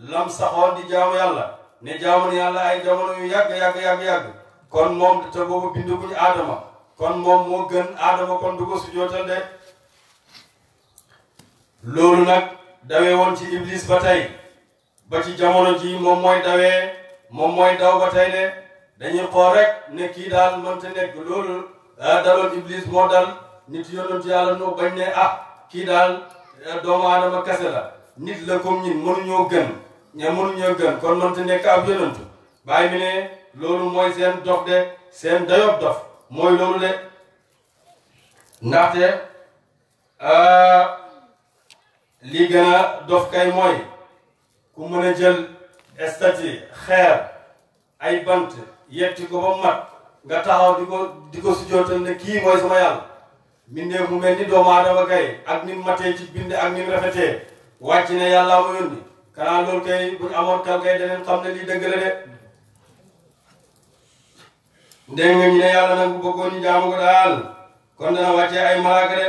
lam saxoon di jaamu yàlla ne jaamu yàlla ay jamono yu yàgg yàgg yàgg yàgg kon moom te boobu bindaguñu aadama kon moom moo gën aadama kon du ko sujjootal de loolu nag dawee woon ci iblis ba tey ba ci jamono ji moom mooy dawee moom mooy daw ba tey de dañuy xool rek ne yi daal mënta nekk loolu ah, daloon iblis moo dal nit yonent yàlla noo bañ ne ah kii daal eh, doomu aadama kese la nit la comme ñun mënuñoo gën ña mënuñoo gën kon mënta nekk ab yonantu bàyyi mi ne loolu mooy seen dof de seen dayob dof mooy loolu de ndaxte eh, li gën a dof kay mooy ku mën a jël estati xeer ay bant yetti ko ba mat nga taxaw di ko di ko sujjootal ne kii mooy sama yàlla mbindeef mu mel ni doomu aadama kay ak ni mu matee ci bind ak ni mu rafetee wàcc ne yàlla ma yónni kanaa loolu kay buñ amoon xel kay daneen xam ne lii dëgg la de ndég nga ñu ne yàlla nag bu bëggoon ñu jaamu ko daal kon dana wàccee ay malaaka de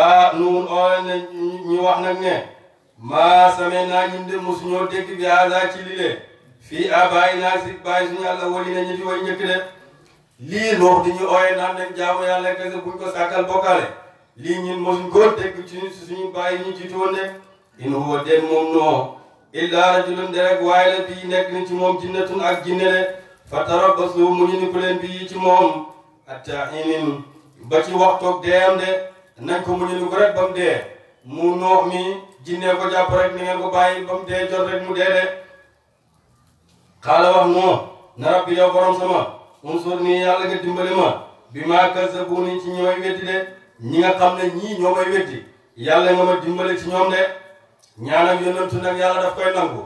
ah nuun oo ne ñu wax nag ne maa same naa ñun de mosu ñoo dégg bi aada ci lile fii a bàyyi naa si bàyyi suñu àlla wali na ñu fi way njëkk de lii moom di ñu ooyee naan nag jaamu yàlla kese buñ ko sàkkal bokkaale lii ñun mosuñ koo dégg ci ñun suñu bàyyi ñu jiitu woon nekk in huwa den moom noo illaa rajulun de rek waaye la bii nekk ni ci moom jinnatun ak jinne de fa tarabbasu mu ñu ni ku leen bii ci moom atta inin ba ci waxtoog deeyam de nañ ko mu ñu ni ko ba mu dee mu noox mi jinnee ko jàpp rek ni ngeen ko bàyyi ba mu dee jot rek mu dee de xaala wax noo na rabbi yow borom sama unsur nii yàlla nga dimbali ma bi maa kazzabuni ci ñooy wetti de ñi nga xam ne ñii ñoo may wetti nga ma dimbali ci ñoom de ñaanam yonentu nag yàlla daf koy nangu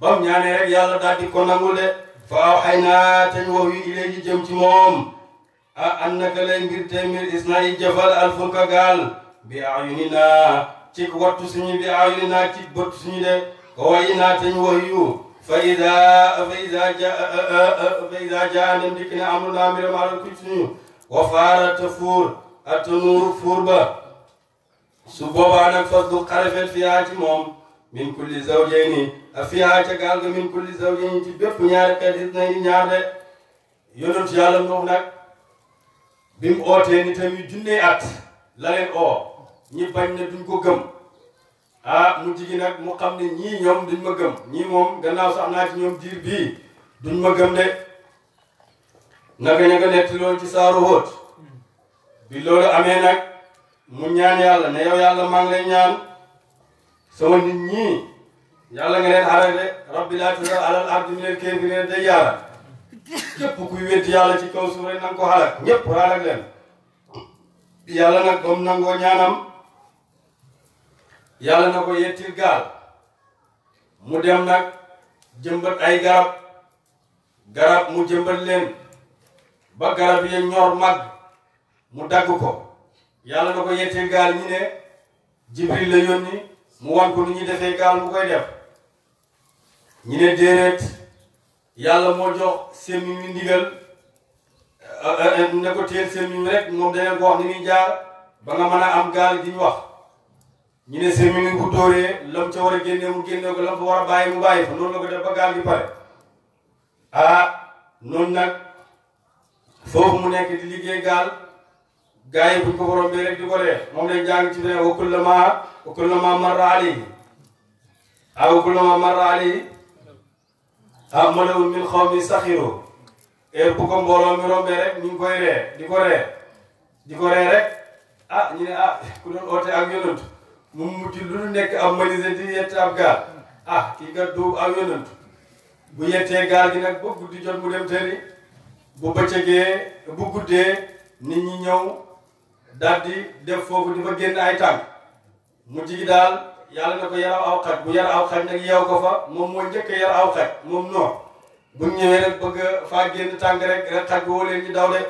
ba mu ñaanee rek yàlla daal di ko nangul de faaw naa teñ wax yu ilay ji jëm ci moom a an naka lay ngir téeméer is naa yi jëfal alfulka gaal bi ayuni naa ci wattu suñu bi ayuni naa ci bëtt suñu de ko wayi naa teñ wax a فإذا جاء فإذا جاء نمدكنا أمرنا أمر ما ركبتني وفار تفور التنور فوربا سبوبا نفضل قرفة فيها تمام min kulli zawjayni a fiyaa ca ga min kulli zawjayni ci bépp ñaari xeet nañu ñaar de yonent yàlla moom nag bi mu ootee nitam yu at la oo ñi bañ ne duñ ko gëm ah mu jigi nag mu xam ne ñii ñoom duñ ma gëm ñii moom gannaaw sax naa ci ñoom diir bii duñ ma gëm de naka ña netti loolu ci saaru hóot bi loolu amee nag mu ñaan yàlla ne yow yàlla maa ngi lay ñaan sama ni ñii yàlla nga leen xaral de rabbi laa tazar alal ardi minal kaafiriina dayyaara képp kuy wétti yàlla ci kaw suuf rek na nga ko xaral ñëpp xaral leen yàlla nag ba nangoo ñaanam yàlla na ko yettil gaal mu dem nag jëmbat ay garab garab mu jëmbat leen ba garab yi ñor mag mu dagg ko yàlla na ko yettil gaal ñi ne jibril la yónni mu wan ko nu ñuy defee gaal mu koy def ñi ne déeréet yàlla moo jox semmi mi ndigal euh, euh, euh, ne ko téel semmi mi rek moom dana ko wax ni muy jaar ba nga mën a am gaal gi wax ñu ne sëriñ ni bu dóoree lam ca war a génne mu génne ko lam fa war a bàyyi mu bàyyi fa noonu la ko def ba gaal gi pare ah noonu nag foofu mu nekk di liggéey gaal gars yi buñ ko borom bee rek di ko dee ci ne wakul la ma wakul la ma marra alayhi ah, ah eh, bu ko mbooloo mi rombee rek ñu ngi koy ree di ko ree di ko ree rek ah ñu ne ah ku doon oote ak yonantu mu mujj lu nekk am malise di yett ab gaal ah kii nga du aw yonent bu yettee gaal gi nag ba guddi jot mu dem tëri bu bëccëgee bu guddee nit ñi ñëw daldi dem foofu di fa génn ay tànk mujj gi daal yàlla na ko yaraw aw xaj bu yar aw xaj nag yeew ko fa moom moo njëkk a yar aw xaj moom noonu bu ñëwee nag bëgg faa génn tànk rek rek xaj boo leen ñu daw de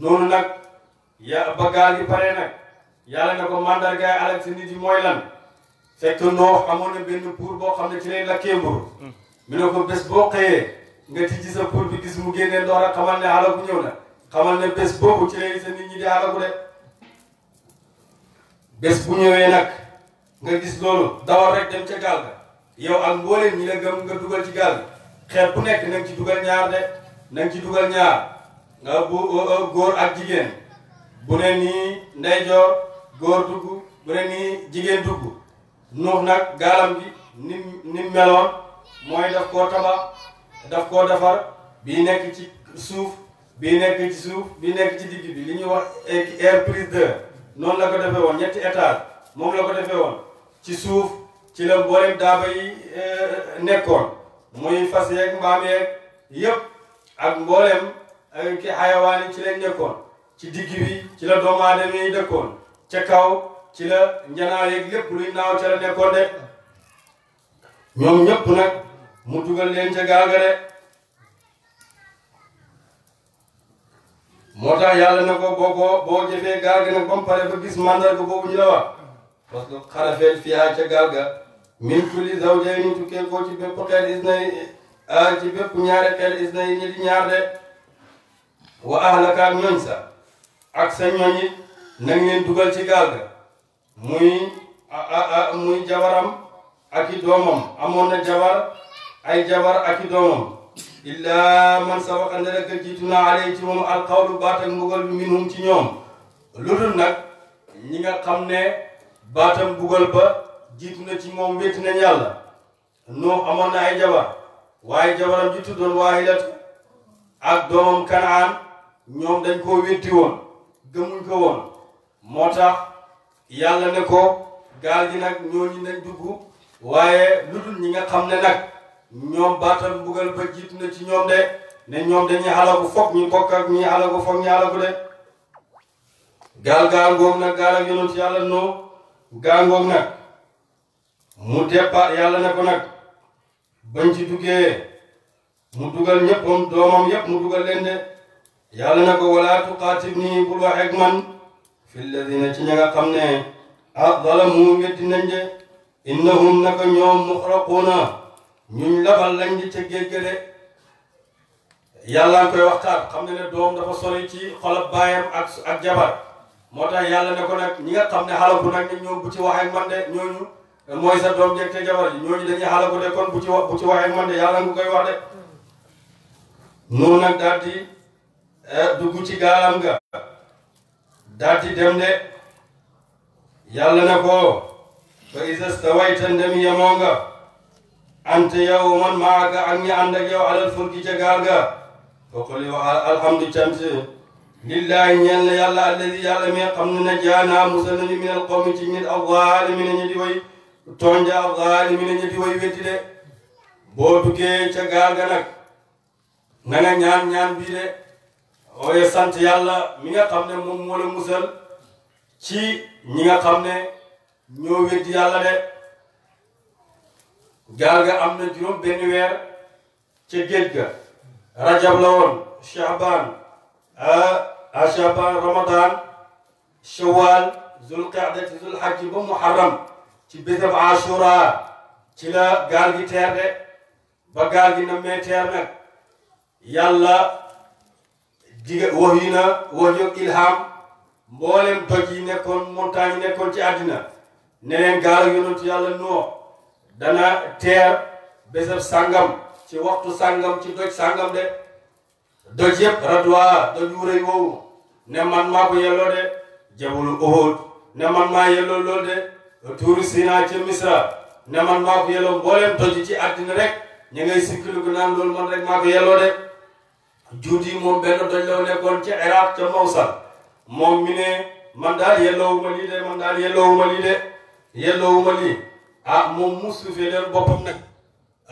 noonu nag ya ba gaal gi pare nag yàlla na ko mandargaay alak si nit yi mooy lan fekk noox amoon na benn pour boo xam ne ci lay lakkee mburu mu ne ko bés boo xëyee nga tijji sa pour bi gis mu génnee ndox rek xamal ne alaku ñëw na xamal ne bés boobu ci lay sa nit ñi di alaku de bés bu nga gis loolu dawal rek dem ca gaal ga yow ak mbooleem ñi la nga dugal ci gaal gi xeet bu nekk na ci dugal ñaar de na nga ci dugal ñaar nga bu euh, euh, góor ak jigéen bu ne nii ndeyjoor góor dugg bu ne nii jigéen dugg nuux nag gaalam bi nim nim meloon mooy daf koo tabax daf koo defar bi nekk ci suuf bi nekk ci suuf bii nekk ci digg bi li ñuy wax air prise de noonu la ko defee woon ñetti étage moom la ko defee woon ci suuf ci la mboolem daaba yi euh, nekkoon muy fas yeeg mbaam yeeg yëpp ak mboolem euh, ki xayawaan ci lañ nekkoon ci digg bi ci la doomu aadama yi dëkkoon ca kaw ci la njanaa yeeg lépp luy naaw ca la nekkoon de ñoom ñëpp nag mu dugal leen ca gaal ga de moo tax yàlla na ko boo ko boo jëfee gaal ga nag ba mu pare ba gis mandarga boobu ñu la wax parce que xarafeel fiyaa ca gaal ga min kulli zawjayni tukkee ko ci bépp xeet is nay ci bépp di ñaar de wa ahlaka ak ñooñ sa ak sa ñooñ nañ leen dugal ci gaal ga muy muy jabaram ak doomam amoon na jabar ay jabar ak i doomam illaa man sabaqa ndalaka jiitu naa alay ci moom alqawlu baat ak mbugal bi minhum ci ñoom lu dul nag ñi nga xam ne baatam bugal ba jiitu na ci moom wéet nañ yàlla noo amoon na ay jabar waaye jabaram ji tuddoon waahilat ak doomam kanaan ñoom dañ koo wétti woon gëmuñ ko woon moo tax yàlla ne ko gaal gi nag ñooñu nañ dugg waaye lu dul ñi nga xam ne nag ñoom baatam bugal ba jiitu na ci ñoom de ne ñoom dañuy xalagu foog ñu bokk ak ñi xalagu foog ñu xalagu de gaal gaal ngoog nag gaal ak yonent yàlla noo gaal ngoog nag mu départ yàlla ne ko nag bañ ci duggee mu dugal ñëpp doomam yëpp mu dugal leen de yàlla ne ko wala tuqaatib nii bul wax man fi lladina ci ña nga xam ne azzalamu wetti nañ de innahum naka ñoom muxraquuna ñuñ labal lañ di ca de yàlla koy waxtaan xam ne ne doom dafa sori ci xolab baayam ak ak jabar moo tax yàlla ne ko nag ñi nga xam ne xalaku nag ne ñoom bu ci waxee man de ñooñu mooy sa doom jeg te jabar ji ñooñu dañuy xalaku de kon bu ci bu ci waxee man de yàlla nga koy wax de noonu nag daal di dugg ci gaalam daal di dem de yàlla na ko fa isa stawayta ndem yemoo nga ante yow man maaka ak ñi ànd ak yow alal fulki ca gaal ga bokkul yow alhamdu cant lillahi ñeel na yàlla alladi yàlla mi xam ne na jaana musal nañu min al qawmi ci ñit azzalimina ñi di way tonja azzalimina ñi di way wetti de boo duggee ca gaal ga nag na nga ñaan ñaan bii de mooy sant yàlla mi nga xam ne moom moo musal ci ñi nga xam ne ñoo weddi yàlla de gaal ga am na juróom benn weer ca géej ga rajab la woon a ah, ah, shaban ramadan shawal zulqaadati zulhajji ba muharram ci bésab ashura ci la gaal gi teer de ba gaal gi na mee teer nag yàlla jigéen wax yi na ilham mboolem doj nekkoon montagne nekkoon ci àddina ne leen gaal yonentu yàlla noo dana teer bésab sàngam ci waxtu sàngam ci doj sàngam de doj yëpp radwa doj wu woowu ne man maa ko yelloo de jabulu uhud ne ci misra rek ñu ngay sikkilu naan loolu man rek maa ko yelloo de juut yi moom benn doj la nekkoon ci Iraq ca Mawsal moom mi ne man daal yelloowuma lii de man daal yelloowuma lii de yelloowuma lii ah moom mu suufeeleel boppam nag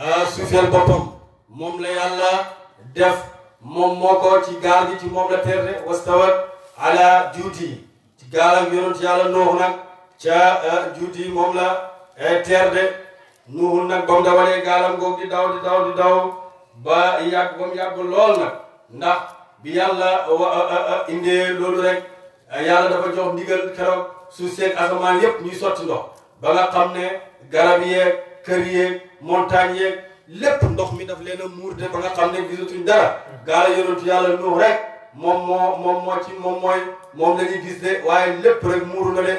ah boppam moom la yàlla def moom moo ci gaal gi ci moom la terde wastawat ala juut yi ci gaalam yonent yàlla noox nag ca ah, juut moom la eh, terde nuuxul nag ba mu dawalee gaalam googu di daw di daw di daw ba yàgg ba mu yàgg lool nag ndax bi yàlla euh, euh, euh, indee loolu rek yàlla dafa jox ndigal keroog suuf seeg asamaan yépp ñuy sotti ndox ba nga xam ne garab yeeg kër ye montagne yeeg lépp ndox mi daf leen a muur de ba nga xam ne gisatuñ dara gaala yonentu yàlla nuux rek moom moo moom moo ci moom mooy moom la ñuy gis de waaye lépp rek muuru na de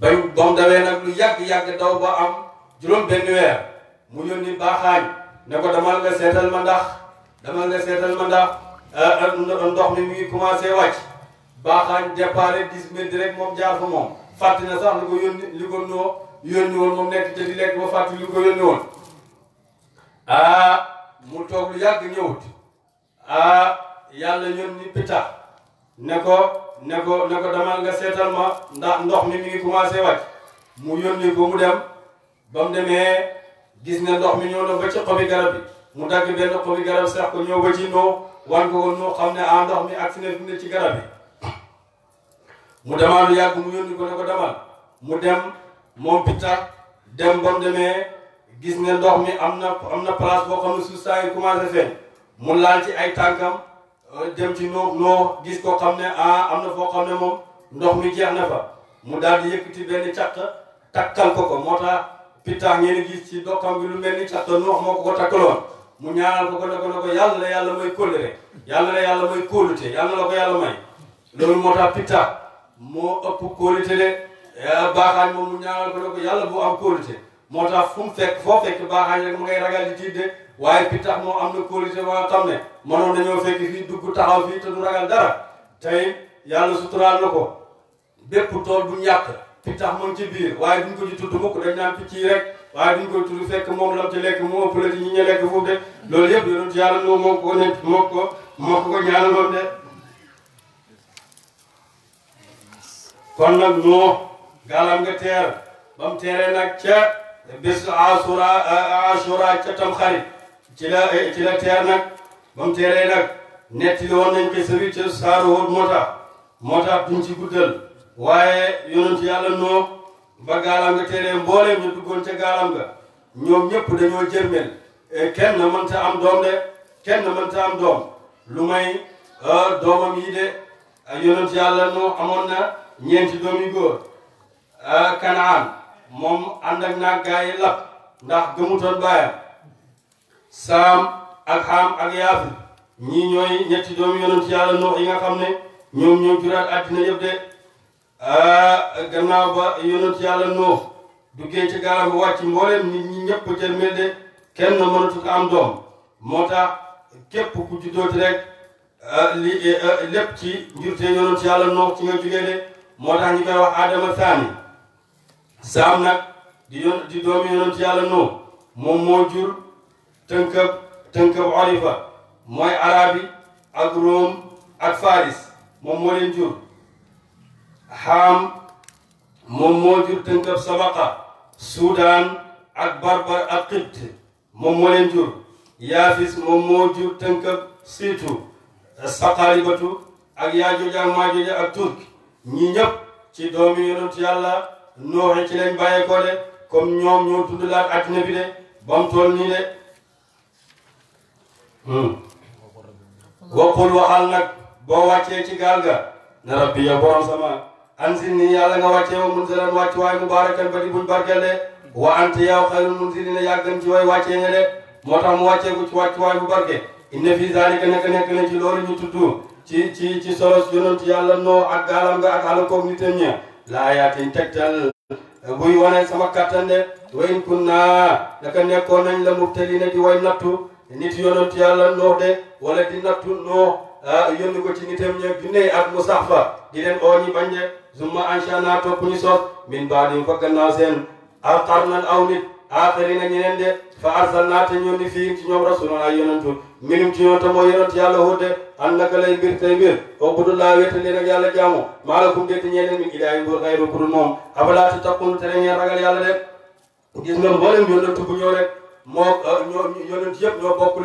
bay ba mu dawee nag lu yàgg-yàgg daw ba am juróom benn weer mu yónni baaxaañ ne ko damal nga seetal ma ndax dama nga seetal man daa eh, ndox mi mi ngi commencé wàcc baaxaañ déparé dix minutes rek moom jaar fa moom fàtte na sax li ko yónni li ko noo yónni woon moom nekk te di lekk ba fàtte li ko yónni woon ah, mu toog lu yàgg ñëwut ah yàlla yónni pitax ne ko ne ko ne ko demal nga seetal ma ndax ndox mi mi ngi commencé wàcc mu yónni ko mu dem ba mu demee gis ne ndox mi ñëw na ba ci xobi garab bi mu dagg benn xobi garab sax ko ñëw ba ci noo wan ko ko noo xam ne ah ndox mi ak fi ne ci garab yi mu demaanu yàgg mu yónni ko ne ko demal mu dem moom pitta dem ba mu demee gis ne ndox mi am na am na place boo xam ne suuf saa yi commencé feeñ mu laal ci ay tànkam euh, dem ci noo noo gis ko xam ne ah am na foo xam ne moom ndox mi jeex na fa mu daal di yëkkati benn càq takkal ko ko moo tax pitta ngeen gis ci doxam bi lu mel ni càq noox moo ko ko takkaloon mu ñaanal ko ko ne ko ne ko yàlla na yàlla may kóllëre yàlla na yàlla may kóolute yàlla na ko yàlla may loolu moo tax pitta moo ëpp kóolute de eh, baaxaañ moom mu ñaanal ko ne ko yàlla bu am kóolute moo tax fu mu fekk foo fekk baaxaañ rek mu ngay ragal di tiit de waaye pitta moo am na kóolute waa xam ne mënoon nañoo fekk fii dugg taxaw fii te du ragal dara tey yàlla suturaal na ko bépp tool bu ñàkk pittax moom ci biir waaye duñ ko ci tudd mukk dañ naan picc yi rek waaye duñ ko tudd fekk moom lam ci lekk moo ëpp la ci ñi ñu lekk foofu de loolu yëpp yonent yàlla noo moo ko ne moo ko moo ko ko ñaanaloon de kon nag noo gaalam nga teer ba mu teeree nag ca bés asura asura ca tam xarit ci la ci la teer nag ba mu nag netti woon nañ ko sa bi ca saaru moo tax moo tax duñ ci guddal waaye yonent yàlla ba gaalam nga teree mbooleem ñu duggoon ca gaalam nga ñoom ñëpp dañoo jërmeel e kenn mënta am doom de kenn mënta am doom lu may e, doomam yi de e, yonent yàlla noo amoon na ñeenti doomi góor kanaan moom ànd ak naag gaa yi lap ndax gëmutoon baayam saam ak xaam ak yaafi ñii ñooy ñetti doomi yonent yàlla noo yi nga xam ne ñoom ñoo juraat àddina yëpp de Ah, gannaaw ba yonent yàlla noox duggee ci gaalam ba wàcc mbooleem nit ñi ñëpp ca kenn mënatu ko am doom moo tax képp ku juddooti rek ah, li ah, lépp ci njurte yonent yàlla noox ci nga jugee de moo tax ñu koy wax Adama Saani Saam nag di yon di doomi yonent yàlla noox moom moo jur tënkëb tënkëb orifa mooy arabi ak Room ak Faris moom moo leen jur xaam moom moo jur tënkab sabaqa suudaan ak barbar ak xibt moom moo leen jur yaafis moom moo jur tënkab siitu saqaaribatu ak yaajuuj ak maajuuj ak turk ñi ñëpp ci doomi yonent yàlla nooxe ci lañ bàyyeekoo de comme ñoom ñoo tudd laat àddina bi de bam tool nii de hmm. waqul waxal nag boo wàccee ci gaal ga na rabbi ya borom anzil nii yàlla nga wàccee wa munzilan wàcc waay mubaarakan ba di buñ barkel de wa anta yow xayrul munzilina yaa gën ci way wàccee nga de mu wàccee ko ci wàcc waay bu barke inna fi zalika nekk nekk na ci loolu ñu tudd ci ci ci solos yonent yàlla noo ak gaalam nga ko alakoog nitam ña laa yaatin tegtal buy wane sama kattan de wa in kunna naka nekkoon nañ la mubtalina di way nattu nit yonent yàlla noo de wala di nattu noo ah, yónni ko ci nitam ña junne ak mu sax fa summa ansha'naa topp ñu sos min ba'dihim fa gannaaw seen qarnan aw nit aaxarina ñeneen de fa arsalnaa te ñoon di fii ci ñoom rasulan ay yonantu minum ci ñoom te mooy yonant yàlla hóode an naka lay mbir tey mbir ubudullaaha wétta leen ak yàlla jaamu maalakum dékk ñeneen min ilaahin bu xayru ku dul moom afalaa tattaquun te ngeen ragal yàlla de gis nga mboolem yonantu bu ñëw rek moo euh, ñoom yonent yëpp ñoo bokk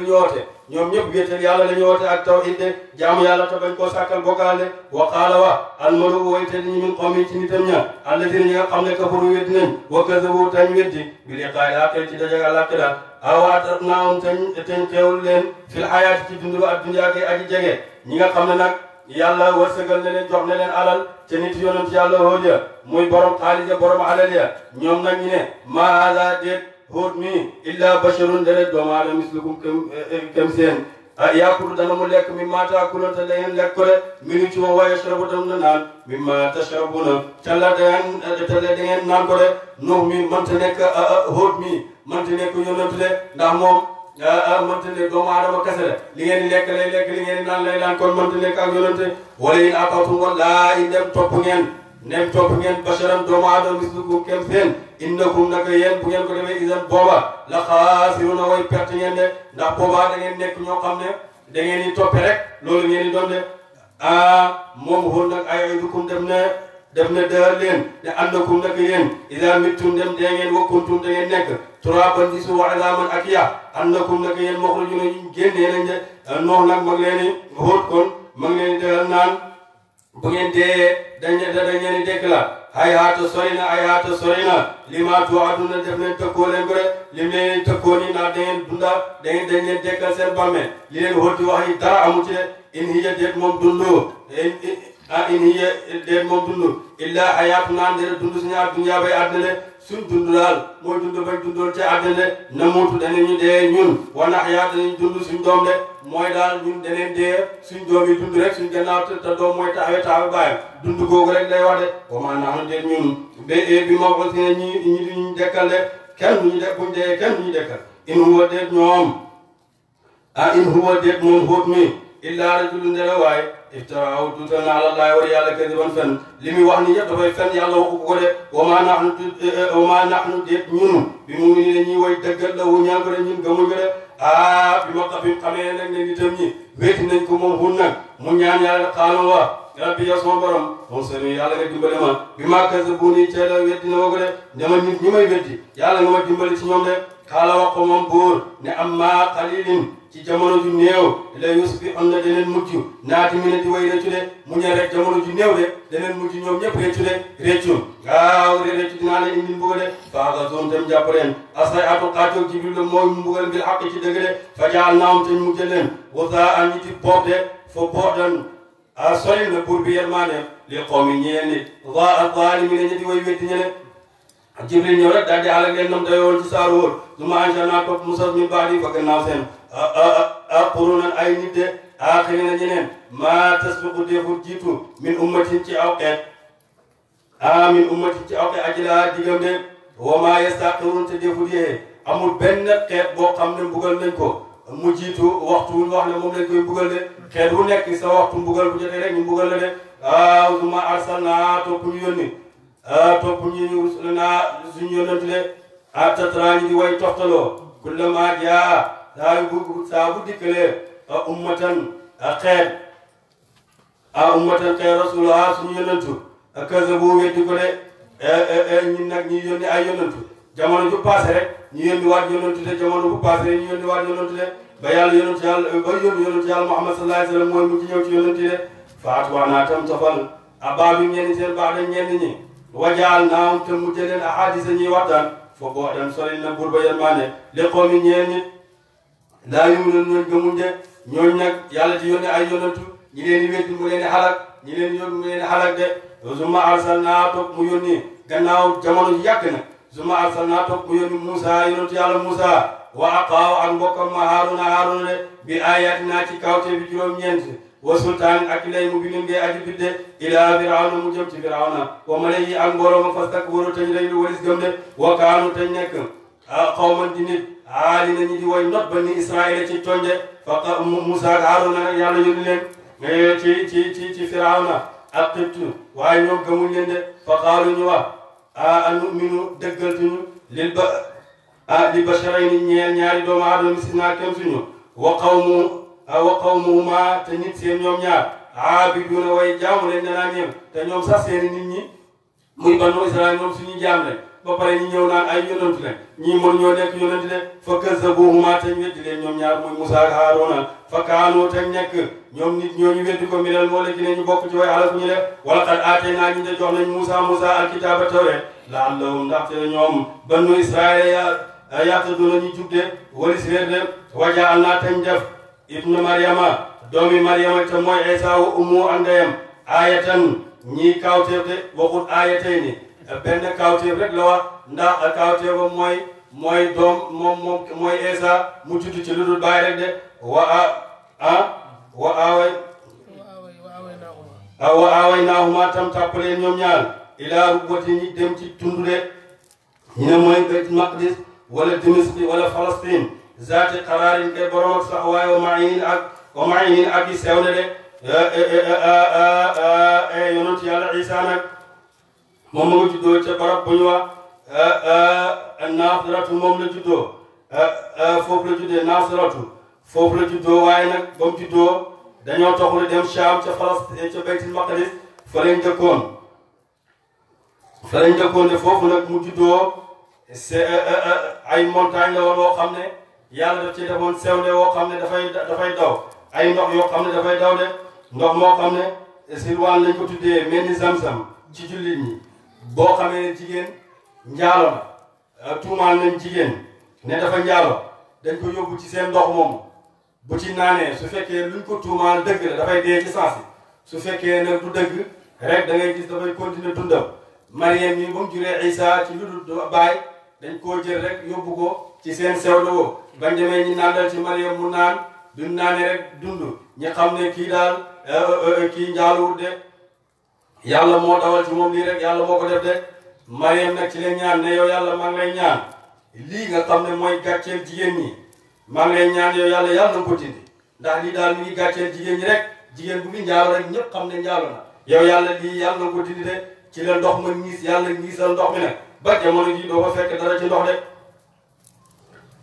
ñoom ñëpp wéetal yàlla la ñu woote ak tawhid de jaamu yàlla te bañ koo sàkkal bokkaale wa qaala wa almaru woyte ni min qawmi ci nitam ña alladina ñi nga xam ne kafaru weddi nañ wa kazabu tañ weddi bi liqaay laaxir ci dajag àllaaxira awaatat naawum tañ tañ xeewul leen fil hayaati ci dundu ak dunyaa kay jege ñi nga xam ne nag yàlla wërsëgal na leen jox na leen alal te nit yonent yàlla hooja muy borom xaalis ya borom alal Hud mi illa basharun deret doomu aadama mislukum kem eh, eh, seen ah, yaakulu dana mu lekk mi maa taakulu te dangeen lekk ko de mi ngi ci moom waaye sharabu tam na naan mi maa tasharabuna talla dangeen eh, talla dangeen naan ko de nuux mi mënta nekk Hud ah, ah, mi mënta nekk de ndax moom mënta nekk doomu aadama kese de li ngeen di lekk lay li ngeen di naan lay naan kon nekk ak yonent wala in aqatum wallaahi dem topp ngeen dem topp ngeen basharan doomu aadama mislukum kem seen innakum naka yen bu ngeen ko demee isan booba la xaasiruna way perte ngeen de ndax boobaa da nekk ñoo xam ne da ngeen di toppe rek loolu ngeen di doon de ah moom xool nag ay ay dukum dem ne dem ne dër leen te annakum naka yéen isan mittum dem a ngeen wakkuntum da ngeen nekk turaban di su wazaman ak ya annakum naka yéen moxrajuna ñu génnee lañ de noonu nag mag leen i kon mag leen i naan bu ngeen dee dañ dañ leen di hay haata sori na ay haata sori na li ma tu aduna def leen tëkkoo leen ko de lim leen tëkkoo naa da ngeen dunda da ngeen dañ leen dekkal seen bàmmeel li leen hóoti wax yi dara amu ci in hiya déet moom dundu in ah, hiya déet moom dundu illa hayaatu naan de dundu suñu àdduna bay àdduna de suñ dund daal mooy dund bañ dundoon ci àddina na muutu danañu dee ñun wa nahyaa danañ dund suñ doom de mooy daal ñun daneen dee suñ doom yi dund rek suñ gannaaw te doom mooy taawe taawe bàyyam dund googu rek lay wax de wa maa nahnu dee ñun ba bi ma ko si ne ñi de kenn duñu de buñ dee kenn duñu dekkal in huwa déet ñoom ah in huwa déet moom xóot mi illaa rajulun dara waaye iftaraaw tuutal na ala llaahi war yàlla kadiban fen li muy wax ni yëpp dafay fen yàlla waxu ko de wama nahnu wama nahnu déet ñunu bi mu ngi ne ñuy way dëggal la wu ñaan ko de ñun gëmuñ ko de ah bi ma bi xamee nag ne nitam ñi wéeti nañ ko moom hun nag mu ñaan yàlla xaalam wa rabbi yow sama borom moom seen yàlla nga dimbale ma bi ma kasa bu nii teel a na ma ko de dama nit ñi may weddi yàlla nga ma dimbale ci ñoom de xaala wax ko moom buur ne amma xalilin ci jamono ju néew la yusuf bi am na deneen mujj naati mi ne di way reccu de mu ñe rek ju néew de deneen mujj ñoom ñëpp reccu de reccu gaaw de reccu dinaa la indil mbugal de faaga zoon dem jàpp leen asay atu xaatoog jibril la mooy mbugal bil xaq ci dëgg de fajaal naam teñ mujj leen wasaa a ñiti boob de fo boodan a soli na buur bi yermaane li xawmi ñeen nit waa a zaalimi ne ñetti way wetti ñene Jibril ñëw rek daal di àll ngeen ñoom dayoon ci saar wóor su ma anjanaa topp musal mi baat yi fa gannaaw seen qurunan ay nit de aaxirina ñeneen maa tasbiqu defu jiitu min ummatin ci aw xeet a min ummatin ci aw xeet ajilaa digam de wa maa yastaqirun te defu yee amul benn xeet boo xam ne mbugal nañ ko mu jiitu waxtu wu ñu mu ne moom lañ de xeet wu nekk sa waxtu mbugal bu jotee rek ñu mbugal la de waaw su ma arsalnaa topp ñu yónni Ah, topp ñu naa suñu yonent le a ah, tatrañi di way toxtaloo kullama jaa saa bu saa bu a ummatan a ah, xeet a ummatan xeet rasuluha suñu yonentu a kazabu weddi ko de eh, eh, eh, ñun nag ñu yónni ay yonentu jamono ju paase rek ñu yónni waat yonentu de jamono bu paase rek ñu yónni waat yonentu de ba yàlla yonentu yàlla ba yónni yàlla Muhammad sallallahu alayhi wa sallam mooy ci ñëw ci yonentu de faat waa naa tam tofal a baa bi ñenn seen baax dañ ñenn ñi wajaal naam te mujj leen ahadisa ñuy waxtaan fa boodan sori na buur ba yërmaane li qawmi ñeen nit laa yuminuun ñooñ gëmuñ de ñooñ nag yàlla di yónne ay yonantu mu leen di xalak ñi leen di yónni mu leen mu yónni gannaaw jamono ji yàgg na summa arsalnaa toog mu yónni Moussa yonantu yàlla Moussa wa aqaaw ak mbokkam ma Haaruna Haaruna de bi ayatinaa ci kawte bi juróom-ñeent wa sultaan ak lay mu binin ngay aji bidde ilaa firawna mu jëm ci firawna wa malayi ak mbooloo ma fastakbaru tañ rey lu walis gëm de wa kaanu tañ nekk xawman di nit aali nañu di way not ba ni israila ci tonje fa um Musa ak Haaruna yàlla yónni leen ci ci ci ci firawna ak xibtu waaye ñoom gëmul leen de fa xaalu ñu wax a numinu dëggaltuñu lil ba li basharayni ñeel ñaari doomu aadama si naa kenn suñu wa qawmu wa qawmuhuma te nit seen ñoom ñaar aabiduuna way jaamu leen nanaa ñeen te ñoom sax seeni nit ñi muy banu israel ñoom suñu jaam lañ ba pare ñi ñëw naan ay yonent lañ ñii mën ñoo nekk yonent de fa kazzabuhuma te ñu weddi leen ñoom ñaar muy Musa ak Haaruna fa kaanoo te nekk ñoom nit ñooñu weddi ko minal moo lekki ne ñu bokk ci way alal bu ñu def wala qad aataynaa ñu de jox nañ Musa Musa alkitaaba tawreet laallahum ndaxte ñoom banu israel yaata doona ñu jub de walis réer de wajaa naa tañ def ibnu maryama doomi maryama te mooy isa wa ummu andayam aayatan ñii kawteef de waxut aayatay ni benn kawteef rek la wax ndax kawteefam mooy mooy doom moom moom mooy isa mu judd ci lu dul baay rek de wa a ah wa aaway wa aaway naahuma tam tàppaleen ñoom ñaar ilaa rubbati ñi dem ci tundu de ñu ne mooy bayt maqdis wala dimis bi wala falastin zaati xaraarin ke borom ak saxwaay wa maayinin ak wa maayinin ak yi sew na de eh, eh, eh, yonent yàlla Isa moom mu ngi ca barab bu ñu wax moom la juddoo foofu la juddee naasaratu foofu la juddoo waaye nag ba mu dañoo toxlu dem Sham ca Falastin ca Baytil Maqdis fa lañ dëkkoon fa lañ dëkkoon de foofu nag mu juddoo ay montagne la woon woo ne yàlla daf ci defoon sew de woo xam ne dafay dafay daw ay ndox yoo xam ne dafay daw de ndox moo xam ne silwaan lañ ko tuddee mel ni zam-zam ci jullit ñi boo xamee ne jigéen njaalo la euh, tuumaal nañ jigéen ne dafa njaalo dañ ko yóbbu ci seen ndox moomu bu ci naanee su fekkee luñ ko tuumaal dëgg la dafay dee ci saasi su fekkee nag du dëgg rek da ngay gis dafay continuer dundam Mariam yi ba mu juree Isa ci lu dul baay dañ koo jël rek yóbbu ko ci seen sewlo woo bañ demee ñi nandal ci Mariam mu naan duñ naane rek dund ñi xam ne kii daal eh, eh, eh, kii njaaluwut de yàlla moo dawal ci moom lii rek yàlla moo ko def de Mariam nag ci la ñaan ne yow yàlla maa ngi ñaan lii nga xam ne mooy gàcceel jigéen ñi maa ngi lay ñaan yow yàlla yàlla na ko dindi ndax daal mi ngi gàcceel jigéen ñi rek jigéen bu ngi njaalu rek ñëpp xam ne njaalu na yow yàlla lii yàlla na ko dindi de ci la ndox ma ngiis yàlla ngiisal ndox mi nag ba jamono jii doo ko fekk dara ci ndox de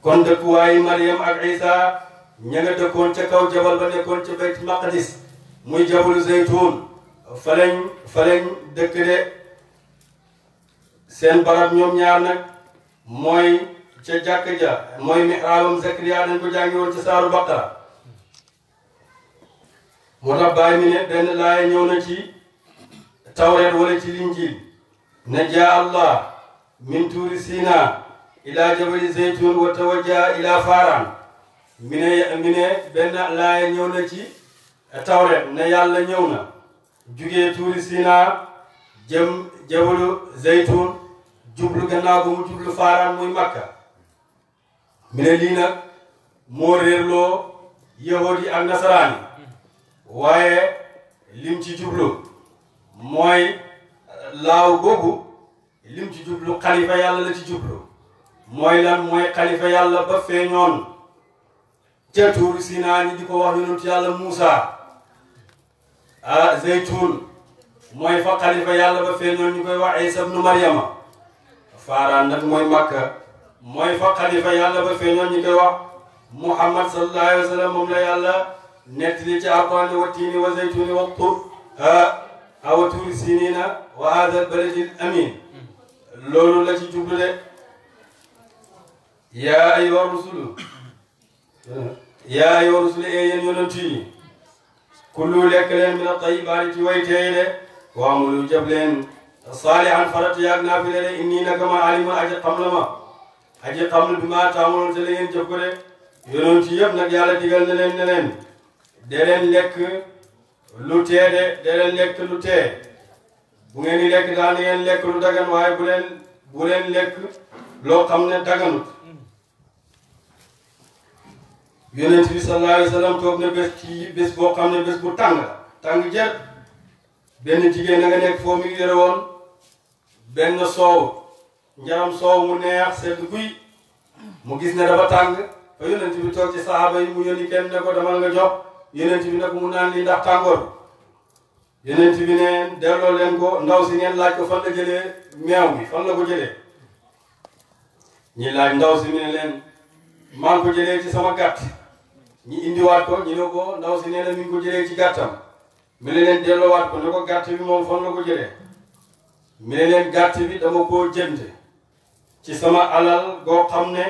kon dëkkuwaayu Maryam ak Isa ña dëkkoon ca kaw jabal ba nekkoon ca bayt maqdis muy jabalu zeytuun faleñ faleñ dëkk de seen barab ñoom ñaar nag mooy ca jàkk ja mooy mihraabam Zakariya dañ ko jàngi woon ca saaru Baqara moo tax mi ne benn laaya ñëw na ci tawreet wala ci linjiil ne allah min tuuri siina ila jabali zeytun wa tawajja ila faran mi ne mi laaya ñëw na ci tawret ne yàlla ñëw na jugee tuuri sina jëm jabalu zeytun jublu gannaaw ba jublu faaraan muy makka mi ne moo réerloo yahood yi ak nasaraan waaye lim ci jublu mooy laaw googu lim ci jublu xalifa yàlla la ci jublu mooy lan mooy xalifa yàlla ba feeñoon ca tuuru Sinaa ñi wax yonent yàlla Muusa ah zeytun mooy fa ñu koy wax Isa ibnu Maryama faaraan nag mooy Makka mooy fa xalifa yàlla ba feeñoon ñu koy wax Muhammad sallallahu alayhi wa sallam moom la yàlla nettali ci Alxuraan wa tiini wa zeytuni wa tuuri Siniina wa haadal baladil amiin loolu la ci jublu yaa ayyuha rusulu yaa ayyuha rusulu ee yéen yonent yi kullu lekk leen min at-tayyibaati ci way teey de wa amalu jëf leen saalihan farat yaag naafile de inni naka man alima aji xam la ma aji xam la bi maa taamuloon te la ngeen ko de yonent yi yëpp nag yàlla digal na leen ne lekk lu tee de de lekk lu tee bu lekk daal na ngeen lekk lu dagan waaye bu lekk loo xam ne daganut yonent bi sallallahu alayhi wa sallam toog na bés ci bés boo xam ne bis bu tàng la tàng jër benn jigéen da nga nekk foo mi yore woon benn soow njaram soow mu neex sedd guy mu gis ne dafa tàng ba yonent toog ci saxaaba yi mu yónni kenn ne ko dama nga jox yonent bi ne mu naan lii ndax tàngoor bi yonent bi ne delloo leen ko ndaw si ngeen laaj ko fan la jëlee meew bi fan la ko jëlee ñi laaj ndaw si mu ne leen maa ngi ko jëlee ci sama gàtt ñi indiwaat ko ñu ne ko ndaw si nee na mi ngi ko jëlee ci gàttam mi ne leen delloowaat ko ne ko gàtt bi moom fan la ko jëlee mi ne gàtt bi dama koo jënd ci sama alal goo xam ne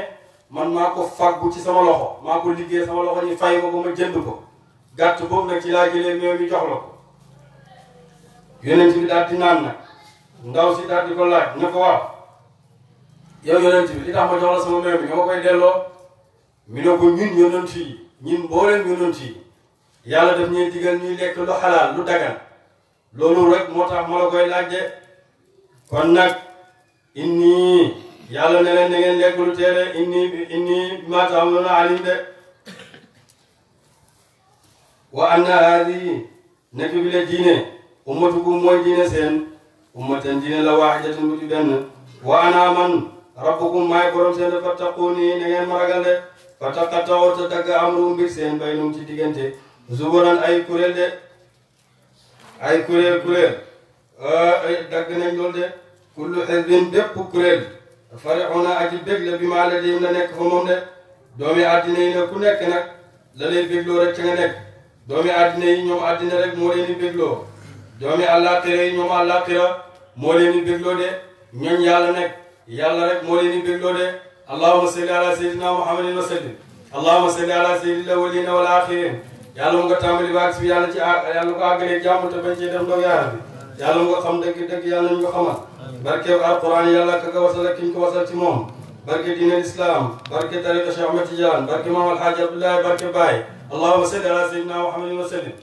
man maa ko fàggu ci sama loxo maa ko liggéey sama loxo ñu fay ko ko ma jënd ko gàtt boobu nag ci laa jëlee meew mi jox la ko yonent bi daal di naan nag ko laaj ne ko waaw bi li ma jox la sama meew ñoo koy delloo mi ne ko ñun yonent yi ñun mbooleem yonent yi yàlla daf ñuy digal ñuy lekk lu xalaal lu dagan loolu rek moo tax ma la koy laajte kon nag inni yàlla ne leen ngeen lekk lu teere inni inni maa ta'maluuna alim de wa anna haadihi nekk bi le diine ummatukum mooy diine seen ummatan diine la waahidatun bu ci benn wa ana man rabbukum maay borom seen dafa taquuni na ngeen de fa taqataw te dagg amru mbir seen baynum ci diggante zuburan ay kuréel de ay kuréel kuréel dagg nañ loolu de kullu xisbin bépp kuréel farixuna aji bég la bi maa la dim la nekk fa de doomi addina yi ne ku nekk nag la lay bégloo rek ca nga nekk doomi addina yi ñoom addina rek moo leen di bégloo doomi àllaaxira yi ñoom àllaaxira moo leen di bégloo de ñoñ yàlla nekk yàlla rek moo leen di bégloo de allahuma salli ala sayyidina muhammadin wa sallim allahuma salli ala sayyidil awwalina wal axirin yàlla mu nga tàmbali baag si yàlla ci yàlla ko àggalee jàmm te bañ cee def ndog yaara bi yàlla mu nga xam dëgg dëgg yàlla ñu ko xamal barke alquran yàlla ka nga wasal ak ki ñu wasal ci moom barke diine islam barke a Cheikh Ahmed Tidiane barke maam alhaaji Abdoulaye barke Baye allahuma salli ala sayyidina muhammadin wa